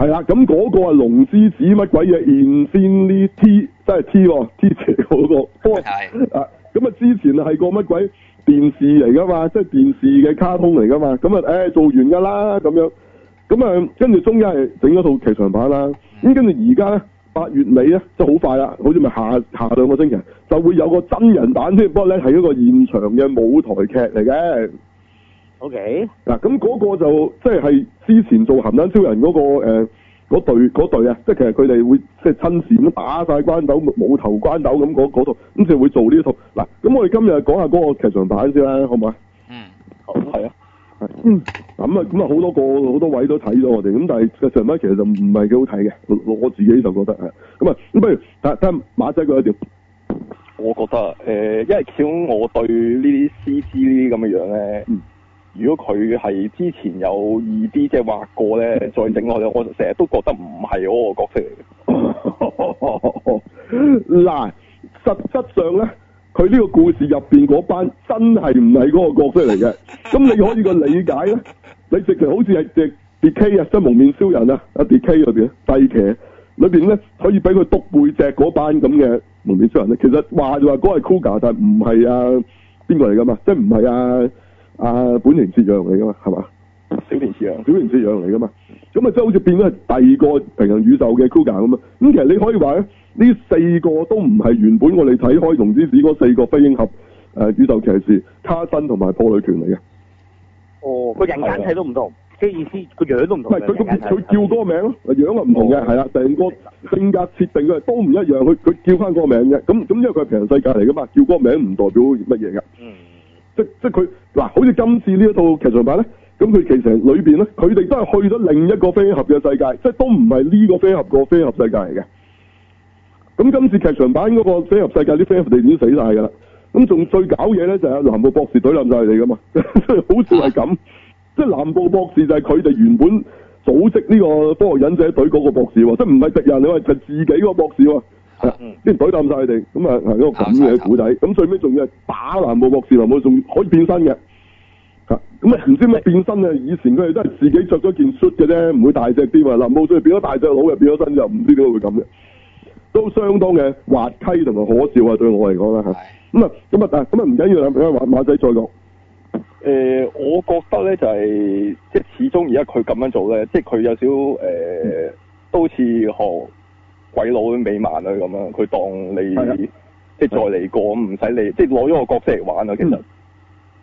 係啦，咁嗰個係龍之子乜鬼嘢？Infini-T，即係 T 喎，T 字嗰、嗰個。係啊的，咁啊 之前係個乜鬼電視嚟噶嘛，即係電視嘅卡通嚟噶嘛，咁啊，誒、欸、做完噶啦咁樣，咁啊跟住中間係整咗套劇場版啦，咁跟住而家咧八月尾咧，即係好快啦，好似咪下下兩個星期就會有個真人版先，不過咧係一個現場嘅舞台劇嚟嘅。O K 嗱，咁嗰 Okay?、啊、個就即係之前做《鹹蛋超人、那個》嗰個誒嗰隊嗰隊啊，即係其實佢哋會即係親善咁打晒關鬥冇頭關鬥咁嗰嗰套，咁就會做呢套。嗱、啊，咁我哋今日講下嗰個劇場版先啦，好唔好、嗯、啊？嗯，好係啊，嗯咁啊咁啊好多個好多位都睇咗我哋，咁但係劇場版其實就唔係幾好睇嘅，我自己就覺得係。咁啊咁，不如睇下馬仔佢一條我覺得誒、呃，因為始終我對呢啲 CG 呢啲咁嘅樣咧。嗯如果佢係之前有二 D 即係畫過咧，再整我，我成日都覺得唔係嗰個角色嚟嘅。嗱， 實質上咧，佢呢個故事入邊嗰班真係唔係嗰個角色嚟嘅。咁 你可以個理解咧，你直情好似係隻 Decade 啊，即係蒙面超人啊，阿 Decade 裏邊細茄，西裏邊咧可以俾佢篤背脊嗰班咁嘅蒙面超人咧。其實話就話嗰係 Kuuga，但係唔係啊，邊個嚟噶嘛？即係唔係啊？啊，本源攝養嚟噶嘛，係嘛？小電視啊，小電視養嚟噶嘛。咁啊，即係好似變咗係第二個平行宇宙嘅 Gouger 咁啊。咁其實你可以話咧，呢四個都唔係原本我哋睇開《龍之子》嗰四個飛鷹俠、誒、呃、宇宙騎士、卡辛同埋破裏拳嚟嘅。哦，個人間睇都唔同，即係吧意思個樣都唔同。唔係佢佢叫嗰個名咯，個樣啊唔同嘅，係啦、哦，成個性格設定嘅都唔一樣，佢佢叫翻嗰個名嘅。咁咁，因為佢係平行世界嚟噶嘛，叫嗰個名唔代表乜嘢嘅。嗯即即佢嗱、啊，好似今次呢一套劇場版咧，咁佢其實裏面咧，佢哋都係去咗另一個飛俠嘅世界，即都唔係呢個飛俠個飛俠世界嚟嘅。咁今次劇場版嗰個飛俠世界啲飛俠地已經死晒㗎啦。咁仲最搞嘢咧就係南部博士隊冧曬你㗎嘛， 好似係咁。 即南部博士就係佢哋原本組織呢個科學忍者隊嗰個博士喎，即唔係敵人，你話係自己個博士喎。啊！啲袋彈晒佢哋，咁啊係一個咁嘅古仔，咁最尾仲要打爛南部博士，冇仲可以變身嘅，吓咁啊唔知咩變身啊！嗯、以前佢哋都係自己着咗件 suit 嘅啫，唔會大隻啲啊！林武再變咗大隻佬又變咗身，又唔知點會咁嘅，都相當嘅滑稽同埋可笑啊！對我嚟講啦吓，咁啊咁啊但咁啊唔緊要啊，俾個馬仔再講。誒、呃，我覺得咧就係即係始終而家佢咁樣做咧，即係佢有少誒、呃嗯、都似何？鬼佬啲美漫啊咁樣，佢當你的即係再嚟過咁，唔使的理，即係攞咗個角色嚟玩啊。其實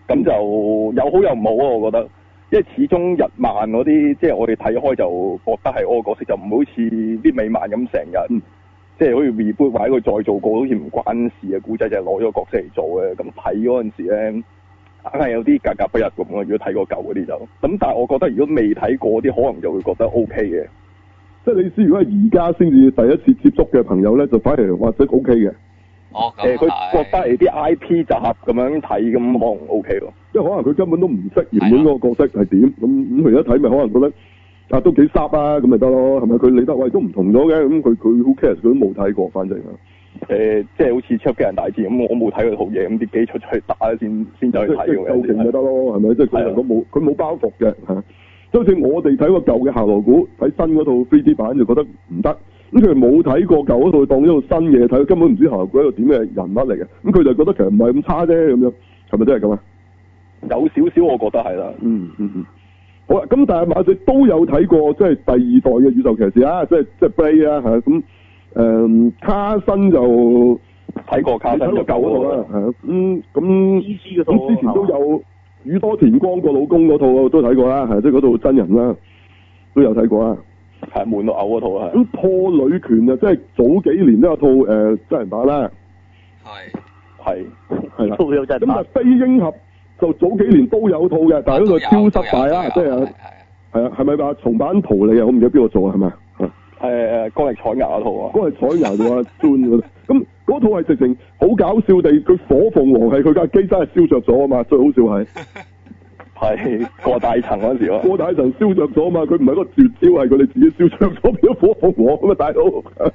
咁、嗯、就有好有唔好啊。我覺得，因為始終日漫嗰啲即係我哋睇開就覺得係我個角色就唔，就唔好似啲美漫咁成日即係好似 reboot 或者佢再做過，好似唔關事啊。古仔就係攞咗個角色嚟做嘅，咁睇嗰陣時咧，硬係有啲格格不入咁咯。如果睇過舊嗰啲就，咁但係我覺得如果未睇過啲，可能就會覺得 OK 嘅。即係你意思，如果係而家先至第一次接觸嘅朋友咧，就反而或者 O K 嘅。哦，咁佢覺得嚟啲 I P 集合咁樣睇咁可能 O K 喎。即係可能佢根本都唔識原本嗰個角色係點，咁咁佢一睇咪可能覺得啊都幾雜啊，咁咪得咯，係咪？佢理得喂都唔同咗嘅，咁佢佢好 care 佢都冇睇過，反正。誒、呃，即係好似《超級機人》大戰咁，我冇睇佢套嘢，咁啲機出出去打先先就去睇嘅。即係夠勁就得咯，係咪？即係佢冇佢冇包袱嘅嚇。就好似我哋睇個舊嘅《夏洛股》，睇新嗰套飛機版就覺得唔得，咁佢冇睇過舊嗰套，當一套新嘢睇，根本唔知夏洛股係個點嘅人物嚟嘅，咁佢就覺得其實唔係咁差啫，咁樣係咪真係咁啊？有少少，我覺得係啦、嗯。嗯嗯嗯，好啦，咁但係馬仔都有睇過，即係第二代嘅《宇宙騎士》ray, 啊，即係即係 bra 啊吓咁。誒，卡森就睇過卡森嘅舊嗰套啦。誒，咁、嗯。咁之前都有。宇多田光個老公嗰套我都睇過啦，係即係嗰套真人啦，都有睇過啦。係悶到嘔嗰套係。咁破女權啊，即係早幾年都有套誒真人版啦。係係係啦，都有真人版。咁啊飛鷹俠就早幾年都有套嘅，但係呢度超失敗啦，即係係啊，係咪啊重版圖你啊？我唔記得邊個做啊？係咪啊？誒誒，郭力彩牙嗰套啊。郭力彩牙就話轉咁。嗰套係直情好搞笑地，佢火鳳凰係佢架機真係燒着咗啊嘛，最好笑係係 過大層嗰陣時咯、啊，過大層燒着咗啊嘛，佢唔係個絕招，係佢哋自己燒着咗變咗火鳳凰咁啊大佬，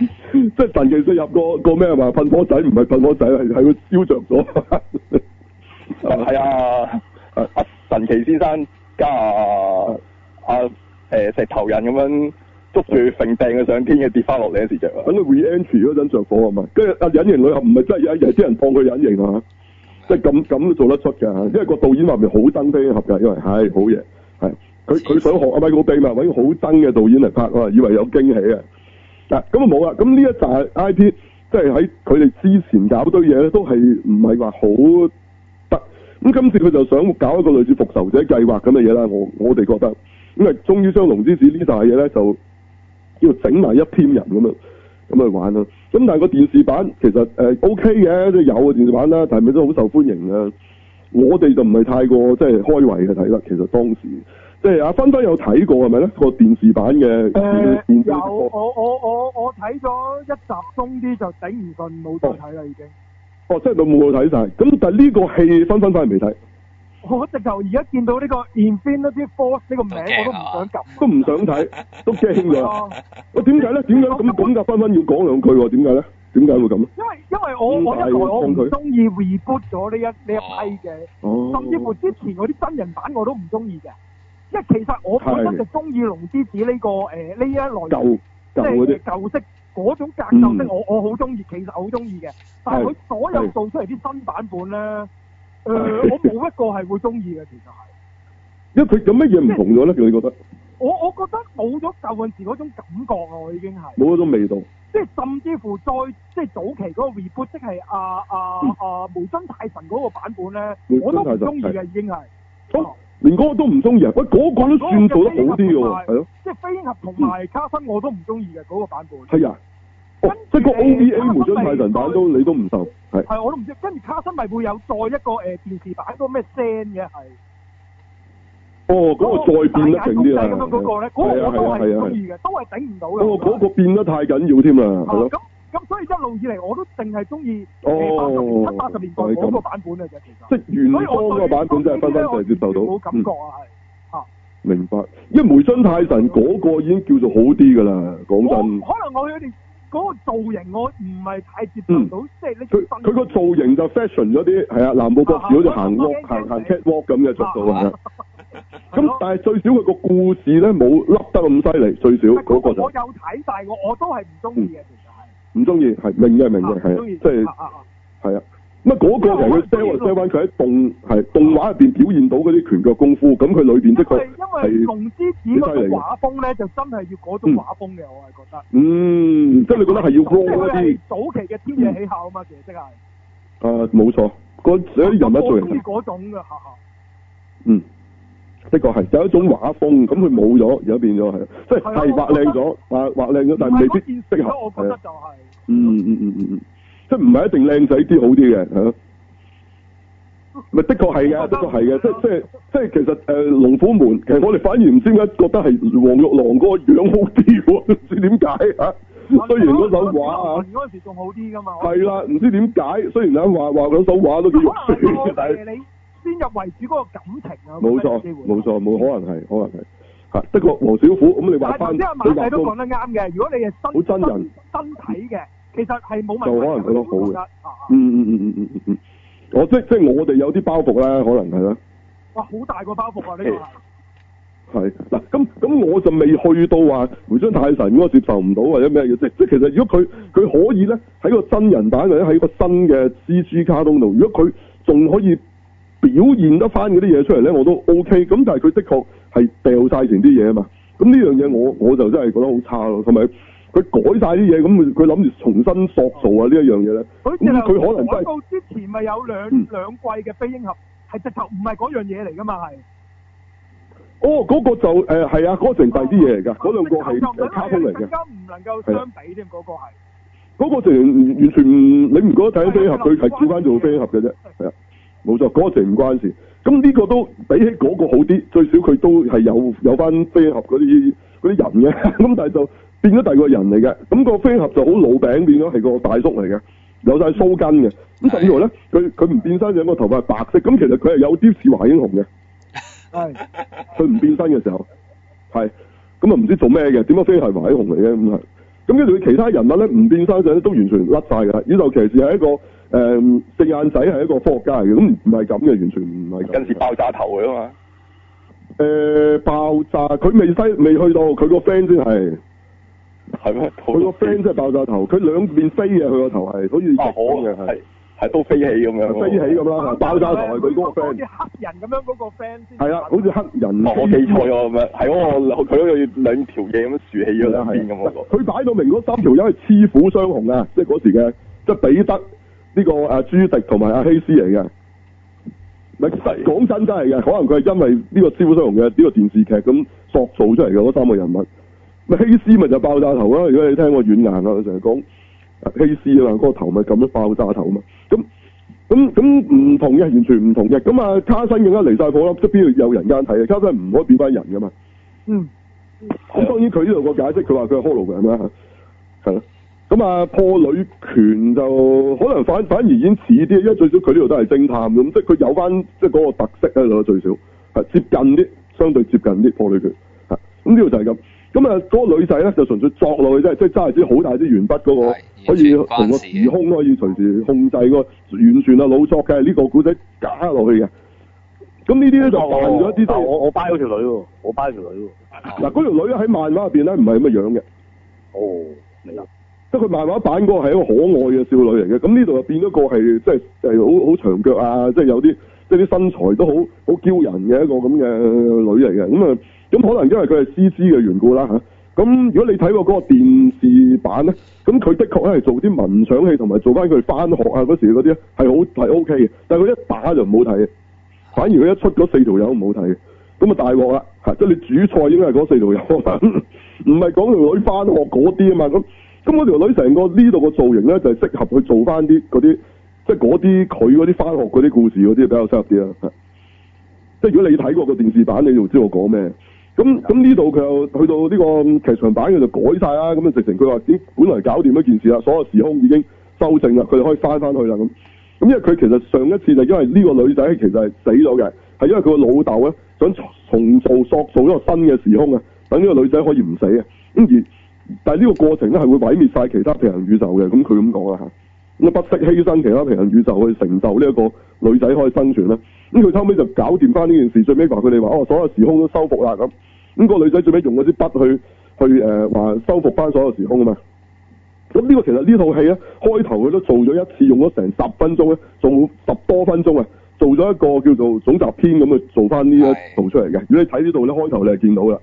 即係神奇四俠入個個咩話噴火仔唔係噴火仔，係係佢燒着咗啊係啊阿、啊啊、神奇先生加阿阿誒石頭人咁樣。捉住成掟嘅上天嘅跌翻落嚟嘅事情，等佢 reentry 嗰陣着火啊嘛，跟住阿隱形女俠唔係真係，有啲人放佢隱形啊，即係咁咁都做得出嘅，因為個導演話明好登《蝙蝠俠》嘅，因為係好嘢，係佢佢想學，唔咪？佢並唔係搵好登嘅導演嚟拍啊，以為有驚喜啊，嗱咁啊冇啦，咁呢一集 I P 即係喺佢哋之前搞堆嘢咧，都係唔係話好得，咁今次佢就想搞一個類似復仇者計劃咁嘅嘢啦，我我哋覺得因為《忠於雙龍之子呢》呢堆嘢咧就。要整埋一篇人咁啊，咁去玩咯。咁但係個電視版其實誒、呃、OK 嘅，即有有電視版啦，但係咪都好受歡迎啊？我哋就唔係太過即係開胃嘅睇啦。其實當時即係阿、啊、芬芬有睇過係咪咧？是是呢那個電視版嘅誒，有我我我我我睇咗一集中啲就頂唔順冇再睇啦已經。哦，即係冇冇睇晒。咁但係呢個戲芬芬翻嚟未睇？我直頭而家見到呢個 Infini-T Force 呢個名，我都唔想撳，都唔想睇，都驚咗。我點解咧？點解咁咁噶？分分要講兩句喎？點解咧？點解會咁咧？因為因為我我一來我唔中意 reboot 咗呢一呢一批嘅，甚至乎之前嗰啲真人版我都唔中意嘅。因為其實我本身就中意龍之子呢個誒呢一類，即係舊式嗰種格鬥式，我我好中意，其實好中意嘅。但係佢所有做出嚟啲新版本咧。誒，我冇一個係會中意嘅，其實係。因為佢有乜嘢唔同咗咧？你覺得？我我覺得冇咗舊陣時嗰種感覺啊！已經係冇咗種味道。即係甚至乎再即係早期嗰個 reboot 即係阿阿阿無心太神嗰個版本咧，我都唔中意嘅，已經係。咁，連嗰個都唔中意啊！喂，嗰個都算做得好啲喎，係咯？即係飛鷹俠同埋卡森我都唔中意嘅嗰個版本。係啊。即係個 OVA 梅津泰臣版都你都唔受？係係我都唔知，跟住，卡森咪會有再一個誒電視版嗰個咩 Zen 嘅係。哦，咁啊再變得勁啲啦，係啊係啊係啊，都係頂唔到嘅。嗰個嗰個變得太緊要添啦，係咯。咁咁所以一路以嚟，我都淨係中意八七八十年代嗰個版本嘅啫，其實。即係原裝嗰個版本真係分分接受到，冇感覺啊，係啊。明白，因為梅津泰臣嗰個已經叫做好啲噶啦，講真。可能我嘅電視。嗰個造型我唔係太接受到，即係佢個造型就 fashion 咗啲，係啊，南部博士好似行 walk 行行 catwalk 咁嘅速度係。咁但係最少佢個故事咧冇凹得咁犀利，最少嗰個就。我有睇，但係我我都係唔中意嘅，其實係。唔中意係，明嘅明嘅係啊，即係係啊。乜嗰個人嘅 d 佢喺動係動畫入面表現到嗰啲拳腳功夫，咁佢裏面，即係係龍之子個畫風咧，就真係要嗰種畫風嘅，我係覺得。嗯，即係你覺得係要啲早期嘅天野喜孝啊嘛，其實即係。啊，冇錯，個有一種一類。嗰種嘅吓。嗯，的確係有一種畫風，咁佢冇咗，而家變咗係即係係畫靚咗，畫畫靚咗，但係未必適合。嗯嗯嗯嗯嗯。即係唔係一定靚仔啲好啲嘅，咪的確係嘅，的確係嘅，即係即係即係其實誒龍、呃、虎門，其實我哋反而唔知點解覺得係黃玉郎嗰個樣好啲喎，唔知點解雖雖然嗰首畫啊，嗰陣、啊、時仲好啲噶嘛。係啦，唔知點解，雖然啱話話嗰首畫都幾肉酸。可能係你先入為主嗰個感情啊。冇錯錯，冇錯、啊，冇可能係，可能係吓， 的確。王小虎，咁、嗯、你話翻。即係啲嘢都講得啱嘅，如果你係真人，身體嘅。 其實係冇問題，就可能覺得好嘅。嗯嗯嗯嗯嗯嗯嗯， 我即即我哋有啲包袱呢，可能係啦哇，好大個包袱啊！呢個！係嗱，咁咁我就未去到話回樽太神，我接受唔到或者咩嘢，即即其實如果佢佢可以咧喺個真人版或者喺個新嘅 CG 卡通度，如果佢仲可以表現得翻嗰啲嘢出嚟咧，我都 OK。咁但係佢的確係掉晒成啲嘢啊嘛，咁呢樣嘢我我就真係覺得好差咯，同埋。佢改晒啲嘢，咁佢佢諗住重新塑造啊！呢一樣嘢咧，佢可能真係之前咪有兩兩季嘅飛鷹俠，係直頭唔係嗰樣嘢嚟噶嘛？係。哦，嗰個就係啊，嗰成第啲嘢嚟㗎，嗰兩個係卡通嚟嘅，而家唔能夠相比添嗰個係。嗰個成完全唔，你唔覺得睇飛鷹俠佢係招翻做飛鷹俠嘅啫？係啊，冇錯，嗰個成唔關事。咁呢個都比起嗰個好啲，最少佢都係有有翻飛鷹俠嗰啲。嗰啲人嘅，咁但係就變咗第二個人嚟嘅，咁個飛俠就好老餅，變咗係個大叔嚟嘅，有晒鬚根嘅。咁甚至以為咧，佢佢唔變身嘅，個頭髮係白色。咁其實佢係有啲似華英雄嘅，係。佢唔變身嘅時候，係，咁啊唔知做咩嘅？點解飛俠係華英雄嚟嘅咁係？咁跟住其他人物咧，唔變身嘅都完全甩晒嘅。宇宙騎士係一個誒四眼仔，係一個科學家嚟嘅，咁唔係咁嘅，完全唔係。近似爆炸頭啊嘛。誒，爆炸！佢未西，未去到，佢個 friend 先係，係咩？佢個 friend 真係爆炸頭，佢兩邊飛嘅，佢個頭係，好似熱火咁樣，係係都飛起咁樣，飛起咁啦，爆炸頭係佢嗰個 friend。好似黑人咁樣嗰個 friend 先係啊，好似黑人。我記錯咗咁啊！係我，佢好似兩條嘢咁豎起咗兩邊咁，佢擺到明嗰三條友係雌虎雙雄啊！即係嗰時嘅，即係彼得呢個阿朱迪同埋阿希斯嚟嘅。唔講真真係嘅，可能佢係因為呢個《蕭蕭紅》嘅呢個電視劇咁塑造出嚟嘅嗰三個人物，咪希斯咪就爆炸頭啦。如果你聽過軟硬啊，佢成日講希斯啊，嗰、那個頭咪咁樣爆炸頭啊嘛。咁咁咁唔同嘅，完全唔同嘅。咁啊卡辛更加離晒火啦，即係邊度有人間睇啊？卡辛唔可以變翻人噶嘛。嗯。咁當然佢呢度個解釋，佢話佢係 hollow 嘅咁啦吓，係咁啊，破女權就可能反反而已經似啲，因為最少佢呢度都係偵探咁，即係佢有翻即係嗰個特色喺度，最少係接近啲，相對接近啲破女權。吓，咁呢度就係咁。咁啊，嗰個女仔咧就純粹作落去，即係揸住支好大支鉛筆嗰個，是可以同個時空都可以隨時控制嗰個，完全啊、老作嘅呢、呢個古仔夾落去嘅。咁呢啲咧就慢咗啲，但係我我 buy 咗條女喎，我 buy 咗條女喎。嗱，嗰條女喺漫畫入邊咧，唔係咁嘅樣嘅。哦，明即佢漫畫版嗰個係一個可愛嘅少女嚟嘅，咁呢度又變咗個係即係誒好好長腳啊，即係有啲即係啲身材都好好驕人嘅一個咁嘅女嚟嘅。咁啊，咁可能因為佢係 CG 嘅緣故啦嚇。咁如果你睇過嗰個電視版咧，咁佢的確咧係做啲文場戲，同埋做返佢返學啊嗰時嗰啲係好係 OK 嘅。但係佢一打就唔好睇，反而佢一出嗰四條友唔好睇嘅。咁啊大鑊啦嚇，即係你主菜應該係嗰四條友，唔係講條女返學嗰啲啊嘛咁。咁嗰條女成個呢度個造型咧，就係適合去做翻啲嗰啲，即係嗰啲佢嗰啲翻學嗰啲故事嗰啲比較適合啲啦。即係如果你睇過個電視版，你就知道講咩。咁咁呢度佢又去到呢個劇場版，佢就改晒啦。咁啊直情佢話咦，本來搞掂一件事啦，所有時空已經修正啦，佢哋可以翻翻去啦。咁咁因為佢其實上一次就因為呢個女仔其實係死咗嘅，係因為佢個老豆咧想重塑塑造一個新嘅時空啊，等呢個女仔可以唔死啊，而但係呢個過程咧，係會毀滅晒其他平行宇宙嘅。咁佢咁講啦吓，咁不惜犧牲其他平行宇宙去成就呢一個女仔可以生存呢。咁佢後尾就搞掂翻呢件事，最尾話佢哋話哦，所有時空都修復啦咁。咁個女仔最尾用嗰支筆去去誒，話修復翻所有時空啊嘛。咁呢個其實呢套戲咧，開頭佢都做咗一次，用咗成十分鐘咧，仲十多分鐘啊，做咗一個叫做總集篇咁去做翻呢一套出嚟嘅。的如果你睇呢度咧，開頭你係見到噶。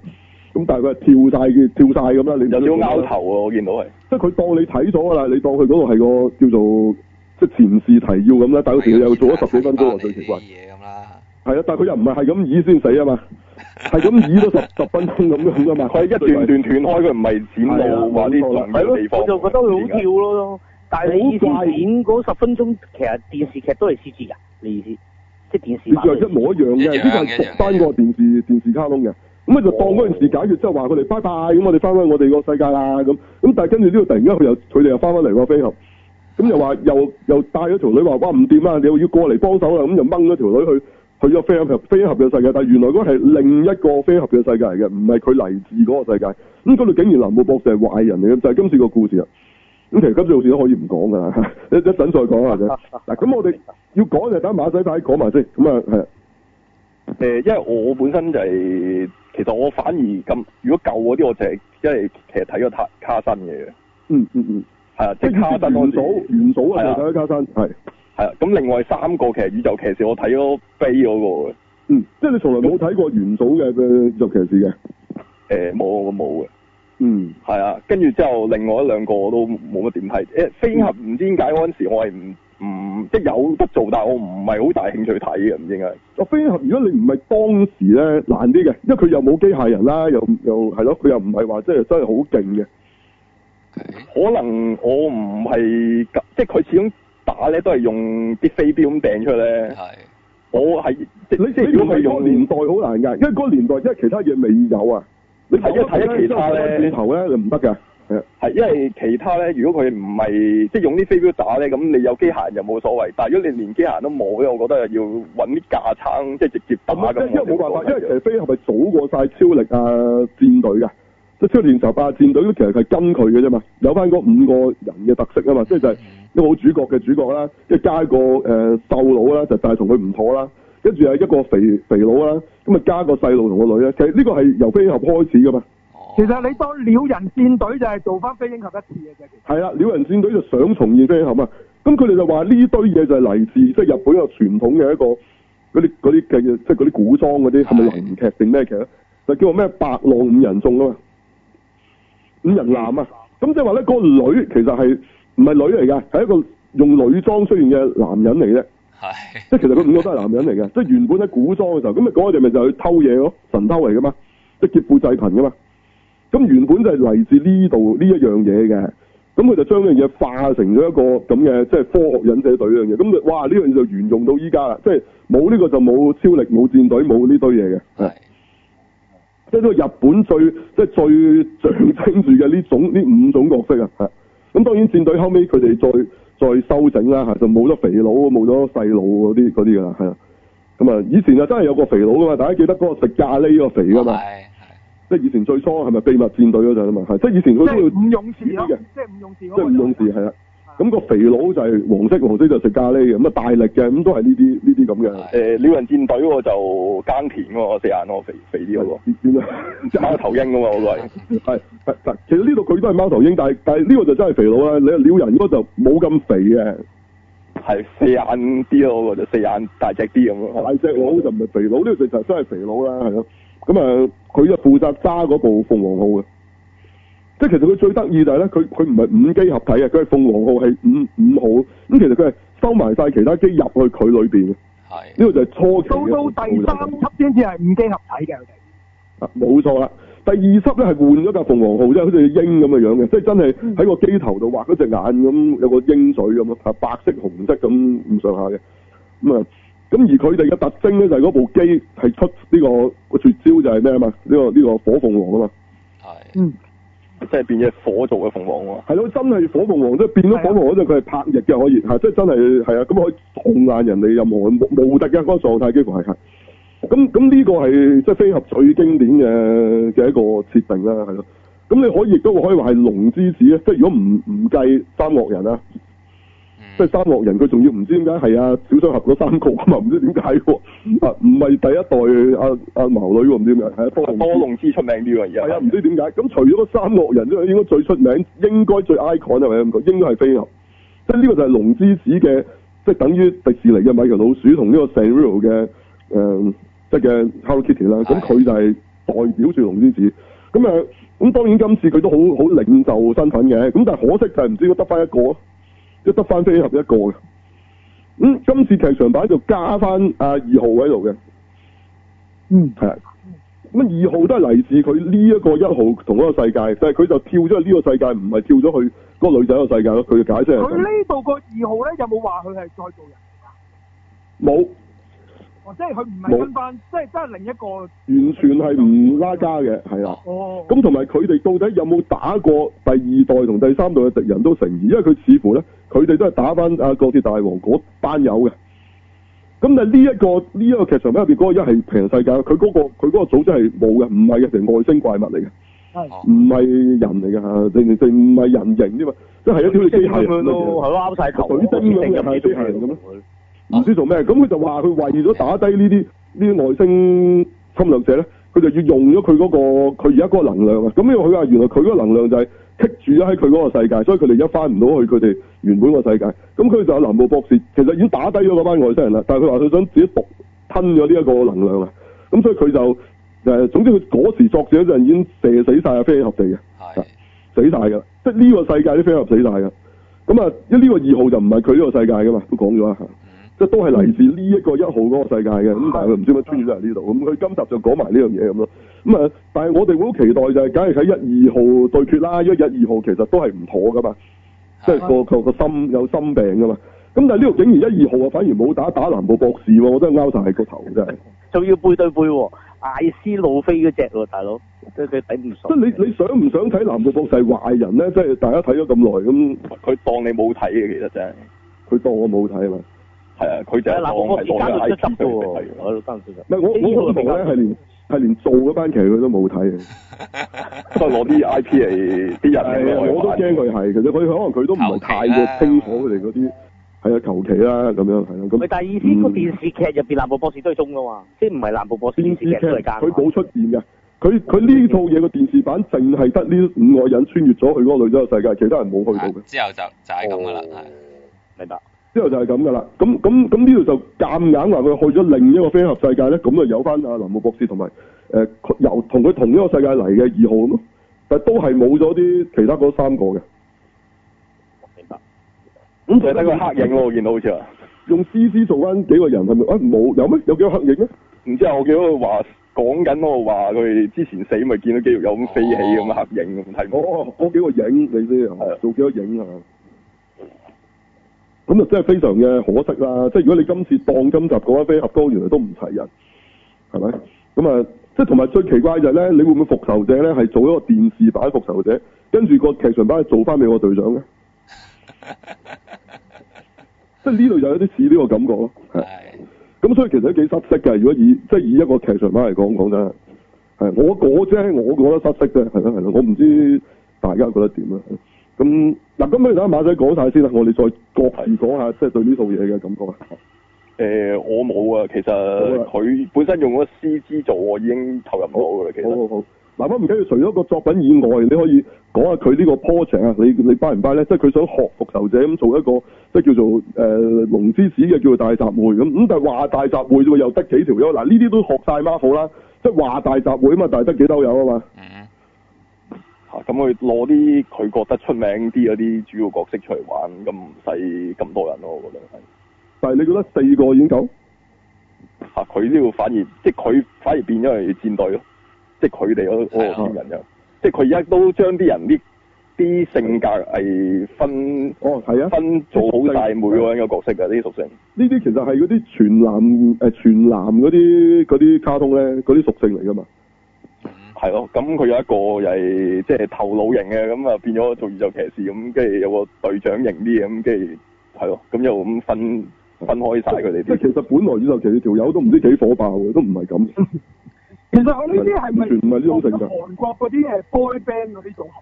咁但係佢係跳曬嘅，跳曬咁啦，你又要拗頭喎，我見到係，即係佢當你睇咗㗎啦，你當佢嗰度係個叫做即係前事提要咁啦，但係佢又做咗十幾分鐘喎，最奇怪嘅嘢咁啦，係啊，但係佢又唔係係咁攰先死啊嘛，係咁攰都十十分鐘咁樣㗎嘛，佢一段段斷開，佢唔係剪路或呢仲嘅地方，我就覺得好跳咯。但係好之前嗰十分鐘，其實電視劇都係 CG 㗎，你意思即電視？你仲一模一樣嘅，呢個係翻過電視電視卡通嘅。咁就當嗰陣時解決，之後話佢哋拜拜，咁我哋翻返我哋個世界啦，咁咁但係跟住呢度突然間又佢哋又翻返嚟個飛俠，咁又話又又帶咗條女話哇唔掂啊，你要過嚟幫手啦，咁就掹咗條女去去咗飛俠飛俠嘅世界，但係原來嗰係另一個飛俠嘅世界嚟嘅，唔係佢嚟自嗰個世界，咁嗰度竟然南部博士係壞人嚟嘅，就係、是、今次個故事啊，咁其實今次故事都可以唔講噶啦，一陣一陣再講下啫。咁我哋要講就等馬仔仔講埋先，咁啊誒、呃，因為我本身就係、是,其實我反而咁，如果舊嗰啲我就係，因為其實睇咗卡卡新嘅。嗯嗯嗯，係啊的，即卡新組元祖係咪？睇咗卡新，係係啊，咁另外三個其實宇宙騎士我睇咗飛嗰、那個嘅，嗯，即係你從來冇睇過元祖嘅宇宙騎士嘅？誒冇冇嘅，嗯，係啊，跟住之後另外一兩個我都冇乜點睇，誒，飛俠唔知點解嗰陣時我係唔。唔、嗯、即係有得做，但係我唔係好大興趣睇嘅，唔知點解。我飛鷹俠，如果你唔係當時咧難啲嘅，因為佢又冇機械人啦，又又係咯，佢又唔係話即係真係好勁嘅。係。可能我唔係即係佢始終打咧都係用啲飛鏢咁掟出咧。係。我係即係呢啲，如果係用個年代好難㗎，因為嗰個年代即係其他嘢未有啊。你睇一睇一看其他咧，頭咧你唔得㗎。不係，因為其他咧，如果佢唔係即係用啲飛鏢打咧，咁你有機械人就冇所謂。但係如果你連機械人都冇咧，我覺得要揾啲架撐，即係直接打。嗯、樣因為冇辦法，因為其實飛俠係咪早過晒超力啊、戰隊噶？即超力神八戰隊都其實佢係跟佢嘅啫嘛，有翻嗰五個人嘅特色啊嘛，即係就係一個主角嘅主角啦，即係加一個誒瘦佬啦，就就係同佢唔妥啦。跟住係一個肥肥佬啦，咁啊加個細路同個女啦。其實呢個係由飛俠開始噶嘛。其實你當鳥人戰隊就係做翻飛鷹俠一次嘅啫，係啦。鳥人戰隊就想重現飛鷹俠啊嘛。咁佢哋就話呢堆嘢，就係嚟自即係日本有傳統嘅一個嗰啲，嗰啲嘅即係嗰啲古裝嗰啲係咪能劇定咩劇咧？就叫做咩白浪五人眾啊嘛，五人男啊。咁即係話咧，個女其實係唔係女嚟嘅，係一個用女裝出現嘅男人嚟嘅。係 即係其實佢五個都係男人嚟嘅，即係原本喺古裝嘅時候咁啊，講完咪就去偷嘢咯，神偷嚟噶嘛，即係劫富濟貧噶嘛。咁原本就係嚟自呢度呢一樣嘢嘅，咁佢就將呢樣嘢化成咗一個咁嘅，即係科學忍者隊呢樣嘢。咁哇，呢樣嘢就沿用到依家啦，即係冇呢個就冇超力冇戰隊冇呢堆嘢嘅。係，即係呢個日本最即係最象徵住嘅呢種呢五種角色啊，咁當然戰隊後尾佢哋再再修整啦，就冇咗肥佬，冇咗細佬嗰啲嗰啲啦，係啦。咁啊，以前啊真係有個肥佬噶嘛，大家記得嗰個食咖喱個肥噶嘛。是。即係以前最初係咪秘密戰隊嗰陣啊嘛，係即係以前佢都五勇士咯，即係五勇士，即係五勇士係啦。咁個肥佬就係黃色，黃色就食咖喱嘅，咁啊大力嘅，咁都係呢啲呢啲咁嘅。誒鳥人戰隊我就耕田喎，四眼我肥肥啲喎，點啊？即係貓頭鷹噶嘛，我個係。係，其實呢度佢都係貓頭鷹，但係但係呢個就真係肥佬啦。你鳥人嗰就冇咁肥嘅，係四眼啲喎，就四眼大隻啲咁咯。大隻佬就唔係肥佬，呢個其實真係肥佬啦，係咯。咁啊，佢就負責揸嗰部鳳凰號嘅，即係其實佢最得意就係咧，佢佢唔係五機合體啊，佢係鳳凰號係五五號，咁其實佢係收埋晒其他機入去佢裏邊嘅。係呢個就係初期。到到第三輯先至係五機合體嘅。啊、okay，冇錯啦，第二輯咧係換咗架鳳凰號，即係好似鷹咁嘅樣嘅，即係真係喺個機頭度畫咗隻眼咁，有個鷹嘴咁啊，白色紅色咁咁上下嘅。咁、嗯、啊。咁而佢哋嘅特徵呢，就係嗰部機係出呢個個絕招就係咩啊嘛？呢、呢個呢、呢個火鳳凰啊嘛，係的，嗯，即係變嘅火做嘅鳳凰喎、啊。係咯，真係火鳳凰，即係變咗火鳳凰嗰陣，佢係拍翼嘅可以即係真係係啊！咁可以撞爛人哋任何無敵嘅嗰、嗰個狀態幾乎係係。咁咁呢個係即係飛俠最經典嘅嘅一個設定啦，係咯。咁你可以亦都可以話係龍之子啊，即係如果唔唔計三惡人啊。即係三惡人，佢仲要唔知點解係啊小雙俠嗰三個啊嘛，唔知點解喎啊唔係第一代阿阿、啊啊、毛女喎，唔知點解係啊多龍多龍之出名，呢啲嘢，而家唔知點解咁，除咗個三惡人啫，應該最出名，應該最 icon 係咪咁講？應該係飛鷹俠，即係呢個就係龍之子嘅，即、就、係、是、等於迪士尼嘅米奇老鼠同呢個 Sanrio 嘅誒即係嘅 Hello Kitty 啦、啊。咁佢唉就係代表住龍之子。咁啊咁當然今次佢都好好領袖身份嘅。咁但係可惜就係唔知得翻一個。一得翻飛鷹俠一個嘅、嗯，今次劇場版喺度，加翻二號喺度嘅，嗯係啊，咁二號都係嚟自佢呢一個一號同一個世界，但係佢就跳咗去呢個世界，唔係跳咗去個女仔個世界咯。佢就解釋佢呢度個二號咧，有冇話佢係再造人？冇有、哦，即係佢唔係跟翻，有即係真係另一個完全係唔拉加嘅，係啦哦，咁同埋佢哋到底有冇打過第二代同第三代嘅敵人都成疑，因為佢似乎咧。佢哋都係打翻阿鋼鐵大王嗰班友嘅，咁但係呢一個呢一個劇場入邊嗰個一係平行世界，佢嗰個佢嗰個組織係冇嘅，唔係嘅，成外星怪物嚟嘅，唔係人嚟嘅吓，成成唔係人形添啊，即係一啲嘅機械人咯，係啱晒球，水晶型嘅機械人咁咯，唔知做咩，咁佢就話佢為咗打低呢啲呢啲外星侵略者咧，佢就要用咗佢嗰個佢而家嗰個能量啊，咁因為佢話原來佢嗰個能量就係。棘住咗喺佢嗰個世界，所以佢哋而家翻唔到去佢哋原本個世界。咁佢就有南部博士，其實已經打低咗嗰班外星人啦。但係佢話佢想自己獨吞咗呢一個能量啊。咁所以佢就誒，總之佢嗰時作死嗰陣已經射死曬飛鷹俠哋嘅，的死晒㗎啦。即係呢個世界啲飛鷹俠死晒㗎。咁啊，一呢個二號就唔係佢呢個世界㗎嘛，都講咗啦。.都係嚟自呢一個一號嗰個世界嘅，咁、嗯、但係佢唔知乜穿越咗嚟呢度。咁佢、嗯、今集就講埋呢樣嘢咁咯。咁啊，但係我哋會好期待就係、是，梗係睇一二號對決啦。因為一二號其實都係唔妥噶嘛，嗯、即係個個個心有心病噶嘛。咁但係呢度竟然一二號啊，反而冇打打南部博士喎，我真係拗晒係個頭，真係。仲要背對背、啊，艾斯路飛嗰隻喎，大佬，頂即係佢頂唔順。即係你你想唔想睇南部博士壞人咧？即係大家睇咗咁耐咁，佢當你冇睇嘅，其實真係。佢當我冇睇啊嘛。係佢就係南部博士都出汁喎，我都擔心。唔係我，我仲咧，係連係連做嗰班劇佢都冇睇，不過攞啲 I P 嚟啲人 呢我都驚佢係，其實佢可能佢都唔係太過清楚佢哋嗰啲，係啊，求其啦咁樣，係啊咁。咪第二天個電視劇入邊，南部博士都係中噶嘛，即係唔係南部博士電視劇嚟噶，佢冇出現㗎。佢佢呢套嘢個電視版淨係得呢五個人穿越咗去嗰個女仔嘅世界，其他人冇去到嘅。之後就就係咁噶啦，係，明白。之後就係咁噶啦，咁咁咁呢度就夾硬話佢去咗另一個飛俠世界咧，咁啊有翻阿林武博士同埋誒，由同佢同一個世界嚟嘅二號咯，但係都係冇咗啲其他嗰三個嘅。明白的。咁剩睇個黑影咯，我見到好似啊，用 C C 做翻幾個人係咪？啊冇，有咩？有幾多黑影咩？然之後我見到話講緊我話佢之前死咪見到肌肉有咁飛起咁嘅黑影，係、啊、嗎哦，嗰幾個影你先，的做幾多影啊？咁就真係非常嘅可惜啦！即係如果你今次當今集嗰班飛俠哥原來都唔齊人，係咪？咁啊，即係同埋最奇怪就係咧，你會唔會復仇者咧係做一個電視版復仇者，跟住個劇場版做翻俾我隊長嘅？ 即係呢度就有啲似呢個感覺咯。係。咁所以其實都幾失色㗎。如果以即係以一個劇場版嚟講，講真，係我啫，我覺得失色啫。係啦，係啦，我唔知大家覺得點？咁嗱，咁你等下馬仔講晒先啦，我哋再各自講下，即係對呢套嘢嘅感覺。誒、呃，我冇啊，其實佢本身用咗 C G 做，我已經投入唔到嘅啦。好其實好，好，好。嗱，咁唔緊要，除咗個作品以外，你可以講下佢呢個 project 啊，你你拜唔拜咧？即係佢想學復仇者咁做一個，即係叫做誒、呃、龍之子嘅叫做大集會咁。咁但係話大集會啫喎，又得幾條友。嗱，呢啲都學晒嘛好啦。即係話大集會啊嘛，但係得幾兜友啊嘛。嗯啊！咁佢攞啲佢覺得出名啲嗰啲主要角色出嚟玩，咁唔使咁多人咯，我覺得係。但係你覺得四個已經夠？啊！佢呢個反而，即係佢反而變咗係戰隊咯。即係佢哋嗰嗰個班人又，啊、即係佢而家都將啲人啲啲性格係分、啊，哦，係啊，分做好大每個人嘅角色嘅呢啲屬性。呢啲其實係嗰啲全男誒、呃、全男嗰啲啲卡通咧，嗰啲屬性嚟㗎嘛。係咯，咁佢 有一個又係即係頭腦型嘅，咁啊變咗做宇宙騎士，咁跟住有個隊長型啲嘅，咁跟住係咯，咁又咁分分開晒佢哋。即係其實本來宇宙騎士條友都唔知幾火爆嘅，都唔係咁。其實我呢啲係唔係？完全唔係呢種性格。全性格韓國嗰啲係 boy band 嗰啲組合。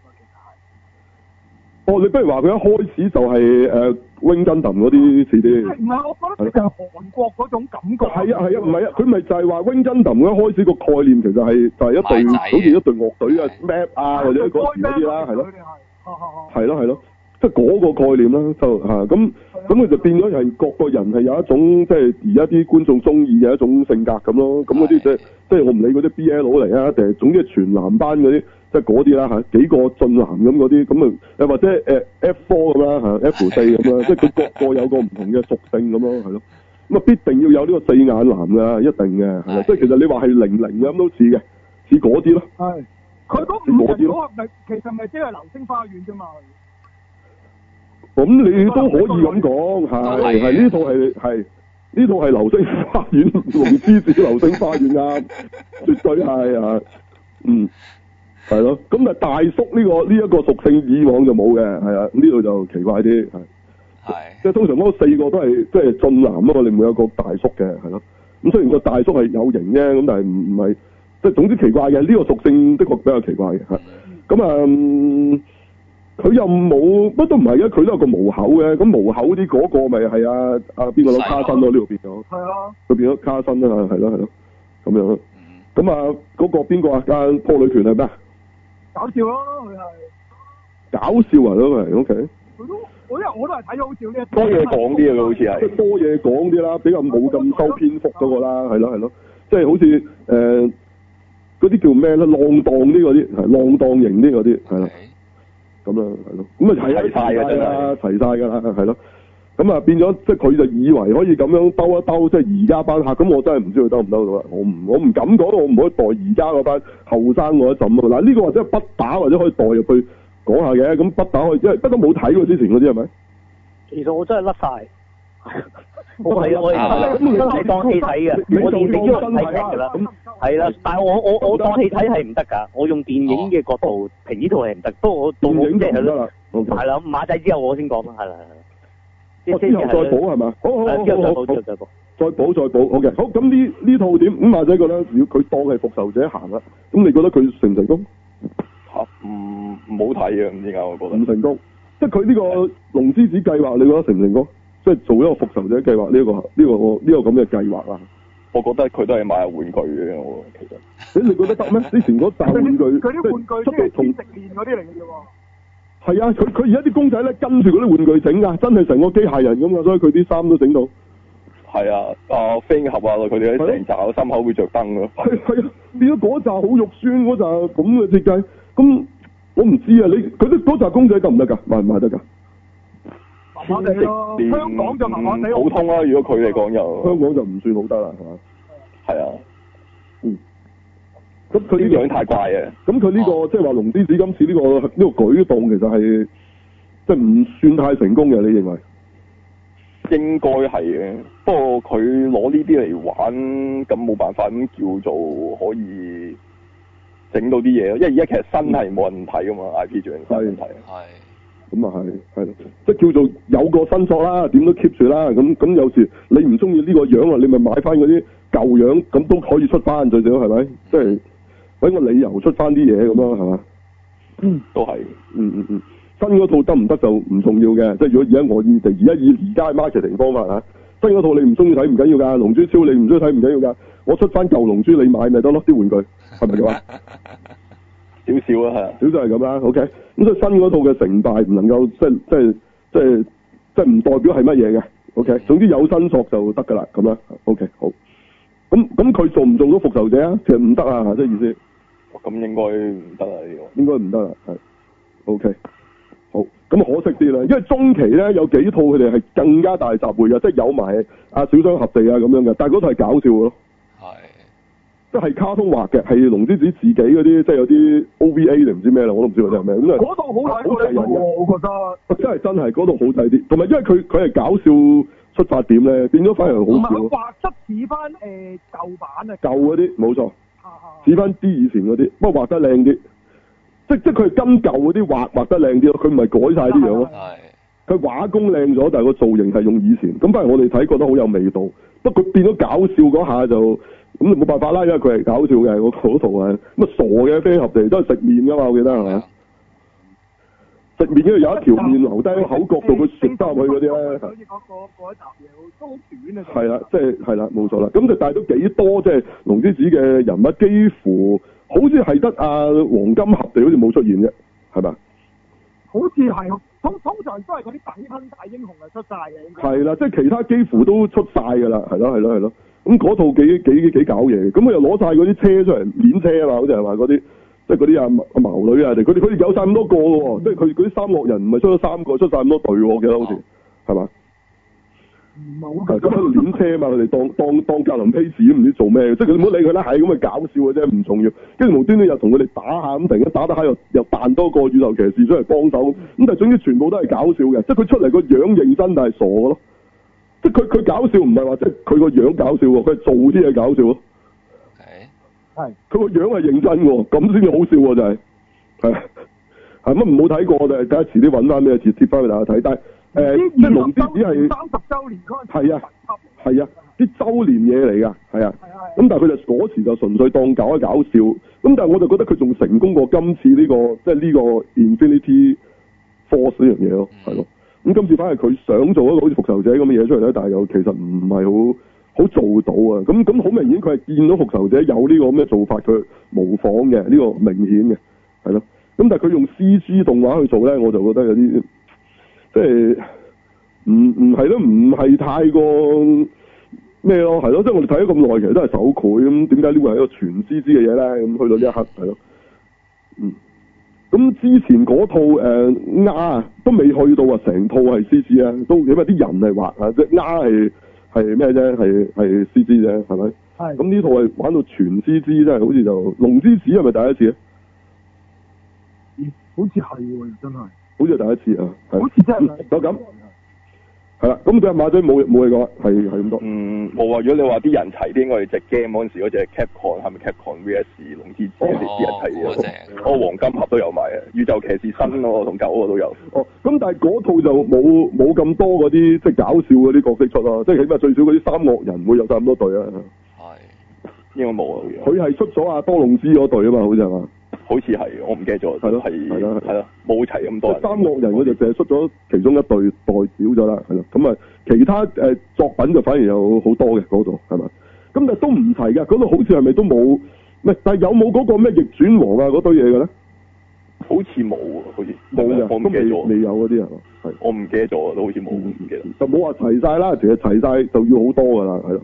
哦，你不如話佢一開始就係誒 Wing Gundam 嗰啲似啲，唔係，我覺得佢就係韓國嗰種感覺。係啊係啊，唔係啊，佢咪就係話 Wing Gundam 一開始個概念其實係就係一隊好似一隊樂隊啊，Map 啊或者嗰啲啦，啲啦，係咯係咯，即係嗰個概念啦，就嚇咁咁佢就變咗係各個人係有一種即係而家啲觀眾鍾意嘅一種性格咁咯，咁嗰啲即即係我唔理嗰啲 BL 嚟啊，定係總之係全男班嗰啲。即係嗰啲啦吓，幾個俊男咁嗰啲，咁啊誒或者誒 F four 咁啦吓，F 四咁啦， 即係佢各個有個唔同嘅屬性咁咯，係咯，咁啊必定要有呢個四眼男噶，一定嘅，即係的其實你話係零零咁都似嘅，似嗰啲咯。係的，佢嗰五集，些其實咪即係流星花園啫嘛。咁你都可以咁講，係係呢套係係呢套係流星花園，龍 之子流星花園啊， 絕對係啊，嗯。係咯，咁但大叔呢、呢個呢一、呢個屬性以往就冇嘅，係啊，呢度就奇怪啲，係，即係的通常嗰四個都係即係俊男，不過你唔會有個大叔嘅，係咯，咁雖然個大叔係有型啫，咁但係唔唔係，即、就、係、是、總之奇怪嘅，呢、呢個屬性的確比較奇怪嘅，咁、嗯嗯、啊，佢又冇乜都唔係啊。佢都有個無口嘅，咁無口啲嗰個咪係啊啊邊個咯，卡身咯，呢度變咗，係啊，佢變咗卡身啊。係咯係咯，咁樣咯，咁啊嗰個邊個啊？阿破女權係咩？搞笑咯，佢係搞笑啊，OK、都 O K。佢都我因為我都係睇好笑呢多嘢講啲啊，好似係多嘢講啲啦，比較冇咁收篇幅嗰個啦，係咯係咯，即係好似誒嗰啲叫咩咧浪蕩啲嗰啲，係浪蕩型啲嗰啲，係啦咁啊，係咯的，咁啊睇晒噶啦，真係齊晒噶啦，係咯。咁啊，變咗即係佢就以為可以咁樣兜一兜，即係而家班客。咁我真係唔知佢兜唔兜到啦。我唔，我唔敢講，我唔可以代而家嗰班後生嗰陣啊。嗱，呢個或者係不打，或者可以代入去講下嘅。咁不打以因以即係不打冇睇過之前嗰啲係咪？其實我真係甩曬。我係我係我係當戲睇嘅，做我已經知道睇劇㗎啦。咁係啦，啊、但係我我我當戲睇係唔得㗎，我用電影嘅角度評呢套係唔得。啊、不過我導、就是、影真係得啦。係啦，okay、馬仔之後我先講啦。啦，我、啊、之後再補係咪？好好,好,好再補,我再,補再補，再補好好咁呢呢套點？咁阿仔呢？如果佢多係復仇者行啦。咁你覺得佢成唔成功？唔唔好睇啊！唔、嗯、知啊，我覺得唔成功。即係佢呢個龍之子計劃，你覺得成唔成功？即係做一個復仇者計劃呢、這個？呢、這個呢、這個咁嘅計劃啦，我覺得佢都係買下玩具嘅。我其實，你你覺得得咩？你成日大玩具，玩具都到同食麪嗰啲嚟嘅啫喎。係啊，佢佢而家啲公仔咧，跟住嗰啲玩具整噶，真係成個機械人咁啊。所以佢啲衫都整到。係啊，啊、呃、飛俠啊，佢哋喺成扎心口會着燈咯。係係啊，變咗嗰扎好肉酸，嗰扎咁嘅設計。咁我唔知道啊，你佢啲嗰扎公仔得唔得噶？唔係唔係得噶。普通啊，如果佢嚟講又。香港就唔算好得啦，係嘛？係啊。咁佢呢樣太怪嘅。咁佢呢個、啊、即係話龍之子今次呢、呢個呢、呢個舉動，其實係即係唔算太成功嘅。你認為應該係嘅，不過佢攞呢啲嚟玩咁冇辦法，咁叫做可以整到啲嘢，因為而家其實新係冇人睇噶嘛，I P 最緊要冇人睇。係咁啊，係係即係叫做有個新作啦，點都 keep 住啦。咁咁有時你唔中意呢個樣啊，你咪買翻嗰啲舊樣，咁都可以出翻最少係咪？即係。就是揾個理由出翻啲嘢咁樣，係嘛、嗯嗯？嗯，都係，嗯嗯嗯。新嗰套得唔得就唔重要嘅，即係如果而家我以而家以而家 marketing 方法，新嗰套你唔中意睇唔緊要噶，龍珠超你唔中意睇唔緊要噶，我出翻舊龍珠你買咪得咯，啲玩具係咪咁啊？少少啊吓，少就係咁啦。OK，咁所以新嗰套嘅成敗唔能夠即係即係即係即係唔代表係乜嘢嘅。OK，嗯、總之有新索就得噶啦，咁啦。OK，好。咁咁佢做唔做到復仇者啊？其實唔得啊，即係意思。嗯咁應該唔得啦呢個，應該唔得啦，係。OK，好，咁可惜啲啦，因為中期咧有幾套佢哋係更加大集會嘅，即係有埋阿小雙合地啊咁樣嘅，但係嗰套係搞笑咯。係是，即係卡通畫嘅，係龍之子自己嗰啲，即係有啲 OVA 定唔知咩啦，我都唔知佢哋係咩。嗰度那為好睇嘅，啊、好我覺得。真係真係，嗰度好睇啲，同埋因為佢佢係搞笑出發點咧，變咗反而好笑。畫質似翻舊版啊！舊嗰啲冇錯。指翻啲以前嗰啲，不過畫得靚啲，即即佢係跟舊嗰啲畫畫得靚啲咯，佢唔係改晒啲樣咯，佢畫、嗯嗯嗯、工靚咗，但、就、係、是、個造型係用以前，咁反而我哋睇覺得好有味道，不過佢變咗搞笑嗰下就，咁就冇辦法啦，因為佢係搞笑嘅嗰好套啊，咁啊傻嘅飛鷹俠哋，都係食麵㗎嘛，我記得係咪啊？食麵嘅有一條麵留低喺、嗯、口角度，佢食得入去嗰啲咧。好似嗰一集嘢，都好短啊。係、就、啦、是，即係係啦，冇錯啦。咁就帶到幾多？即係龍之子嘅人物，幾乎好似係得阿黃金俠哋，好似冇出現啫，係咪？好似係通通常都係嗰啲底薪大英雄就出晒嘅，應該係啦。即係其他幾乎都出晒㗎啦，係咯係咯係咯。咁嗰套幾幾幾搞嘢，咁佢又攞晒嗰啲車出嚟碾車啊嘛，好似係話嗰啲？即係嗰啲阿阿毛女啊，佢哋佢哋佢哋有晒咁多個喎，即係佢佢啲三惡人唔係出咗三個，出晒咁多隊嘅啦，好似係嘛？唔係， 咁喺度亂車啊嘛，佢哋當當當格林披治，都唔知做咩，即係佢唔好理佢啦，係咁咪搞笑嘅啫，唔重要。跟住無端端又同佢哋打下咁，突然間打得下又又扮多個宇宙騎士出嚟幫手咁，咁但係總之全部都係搞笑嘅，即係佢出嚟個樣認真，但係傻嘅咯。即係佢佢搞笑唔係話即係佢個樣搞笑，佢係做啲嘢搞笑咯。係佢個樣係認真嘅，咁先至好笑喎！就係係係乜唔好睇過嘅，睇下遲啲揾翻咩，接接翻俾大家睇。但係誒，即係龍之子係三十周年開係啊，係啊，啲、啊、周年嘢嚟噶，係啊，咁、啊啊、但係佢就嗰時就純粹當搞一搞笑。咁但係我就覺得佢仲成功過今次呢、這個，即係呢個 Infini-T Force 呢樣嘢咯，係咯、啊。咁 今次反而佢想做一個好似復仇者咁嘅嘢出嚟咧，但係又其實唔係好。好做到啊！咁咁好明顯，佢係見到復仇者有呢個咁嘅做法，佢模仿嘅呢個明顯嘅，係咯。咁但係佢用 CG 動畫去做咧，我就覺得有啲即係唔唔係咯，唔、嗯、係太過咩咯，係咯。即係我哋睇咗咁耐，其實都係手繪咁。點解呢個係一個全 CG 嘅嘢咧？咁去到呢一刻係咯，嗯。咁之前嗰套呃，呃都未去到啊，成套係 CG 啊，都因為啲人係畫啊，係。呃係咩啫？係係 CG 啫，係咪？係。咁呢的套係玩到全 CG 真係好似就龍之子係咪第一次，欸、好似係喎，真係。好似係第一次啊，係。好似、嗯、真係就咁。係啦，咁佢阿馬仔冇冇嘢講，係係咁多。嗯，冇啊！如果你話啲人齊啲，我哋隻 game 嗰陣時嗰隻 Capcom 係咪 Capcom V S 龍之子嗰啲一齊嘅？哦， 黃金俠都有埋，嘅，宇宙騎士新咯同舊咯都有。哦，咁但係嗰套就冇冇咁多嗰啲即係搞笑嗰啲角色出咯，啊，即、就、係、是、起碼最少嗰啲三惡人會有曬咁多隊啊。係，應該冇啊。佢係出咗阿多隆之嗰隊啊嘛，好似係嘛？好似係，我唔記得咗。係咯，係。係啦係咯，冇齊咁多。三個人我就淨係出咗其中一對代表咗啦，係啦咁啊，其他誒作品就反而有好多嘅嗰度，係咪？咁但係都唔齊㗎，嗰度好似係咪都冇？咩但係有冇嗰個咩逆轉王啊嗰堆嘢嘅咧？好似冇好似冇啊。咁未未有嗰啲啊？係，我唔記得咗都好似冇，就冇話齊晒啦，其實齊晒就要好多㗎啦，係咯。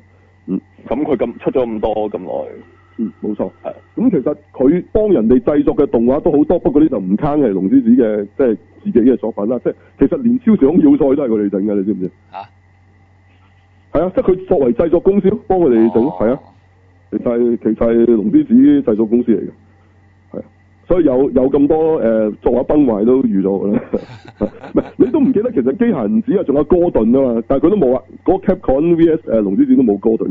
嗯，咁佢咁出咗咁多咁耐。嗯，冇錯，係、嗯。咁其實佢幫人哋製作嘅動畫都好多，不過呢就唔坑嘅，龍之子嘅，即係自己嘅作品啦。即係其實連超時空要塞都係佢哋整嘅，你知唔知？吓、啊？係啊，即係佢作為製作公司都幫佢哋整，係、哦、啊。其實其實係龍之子製作公司嚟嘅，係、啊、所以有有咁多誒作畫崩壞都遇到嘅啦。係， 你都唔記得，其實機械人子啊，仲有哥頓啊嘛，但係佢都冇啊。嗰、那個 Capcom V S 誒、呃、龍之子都冇哥頓。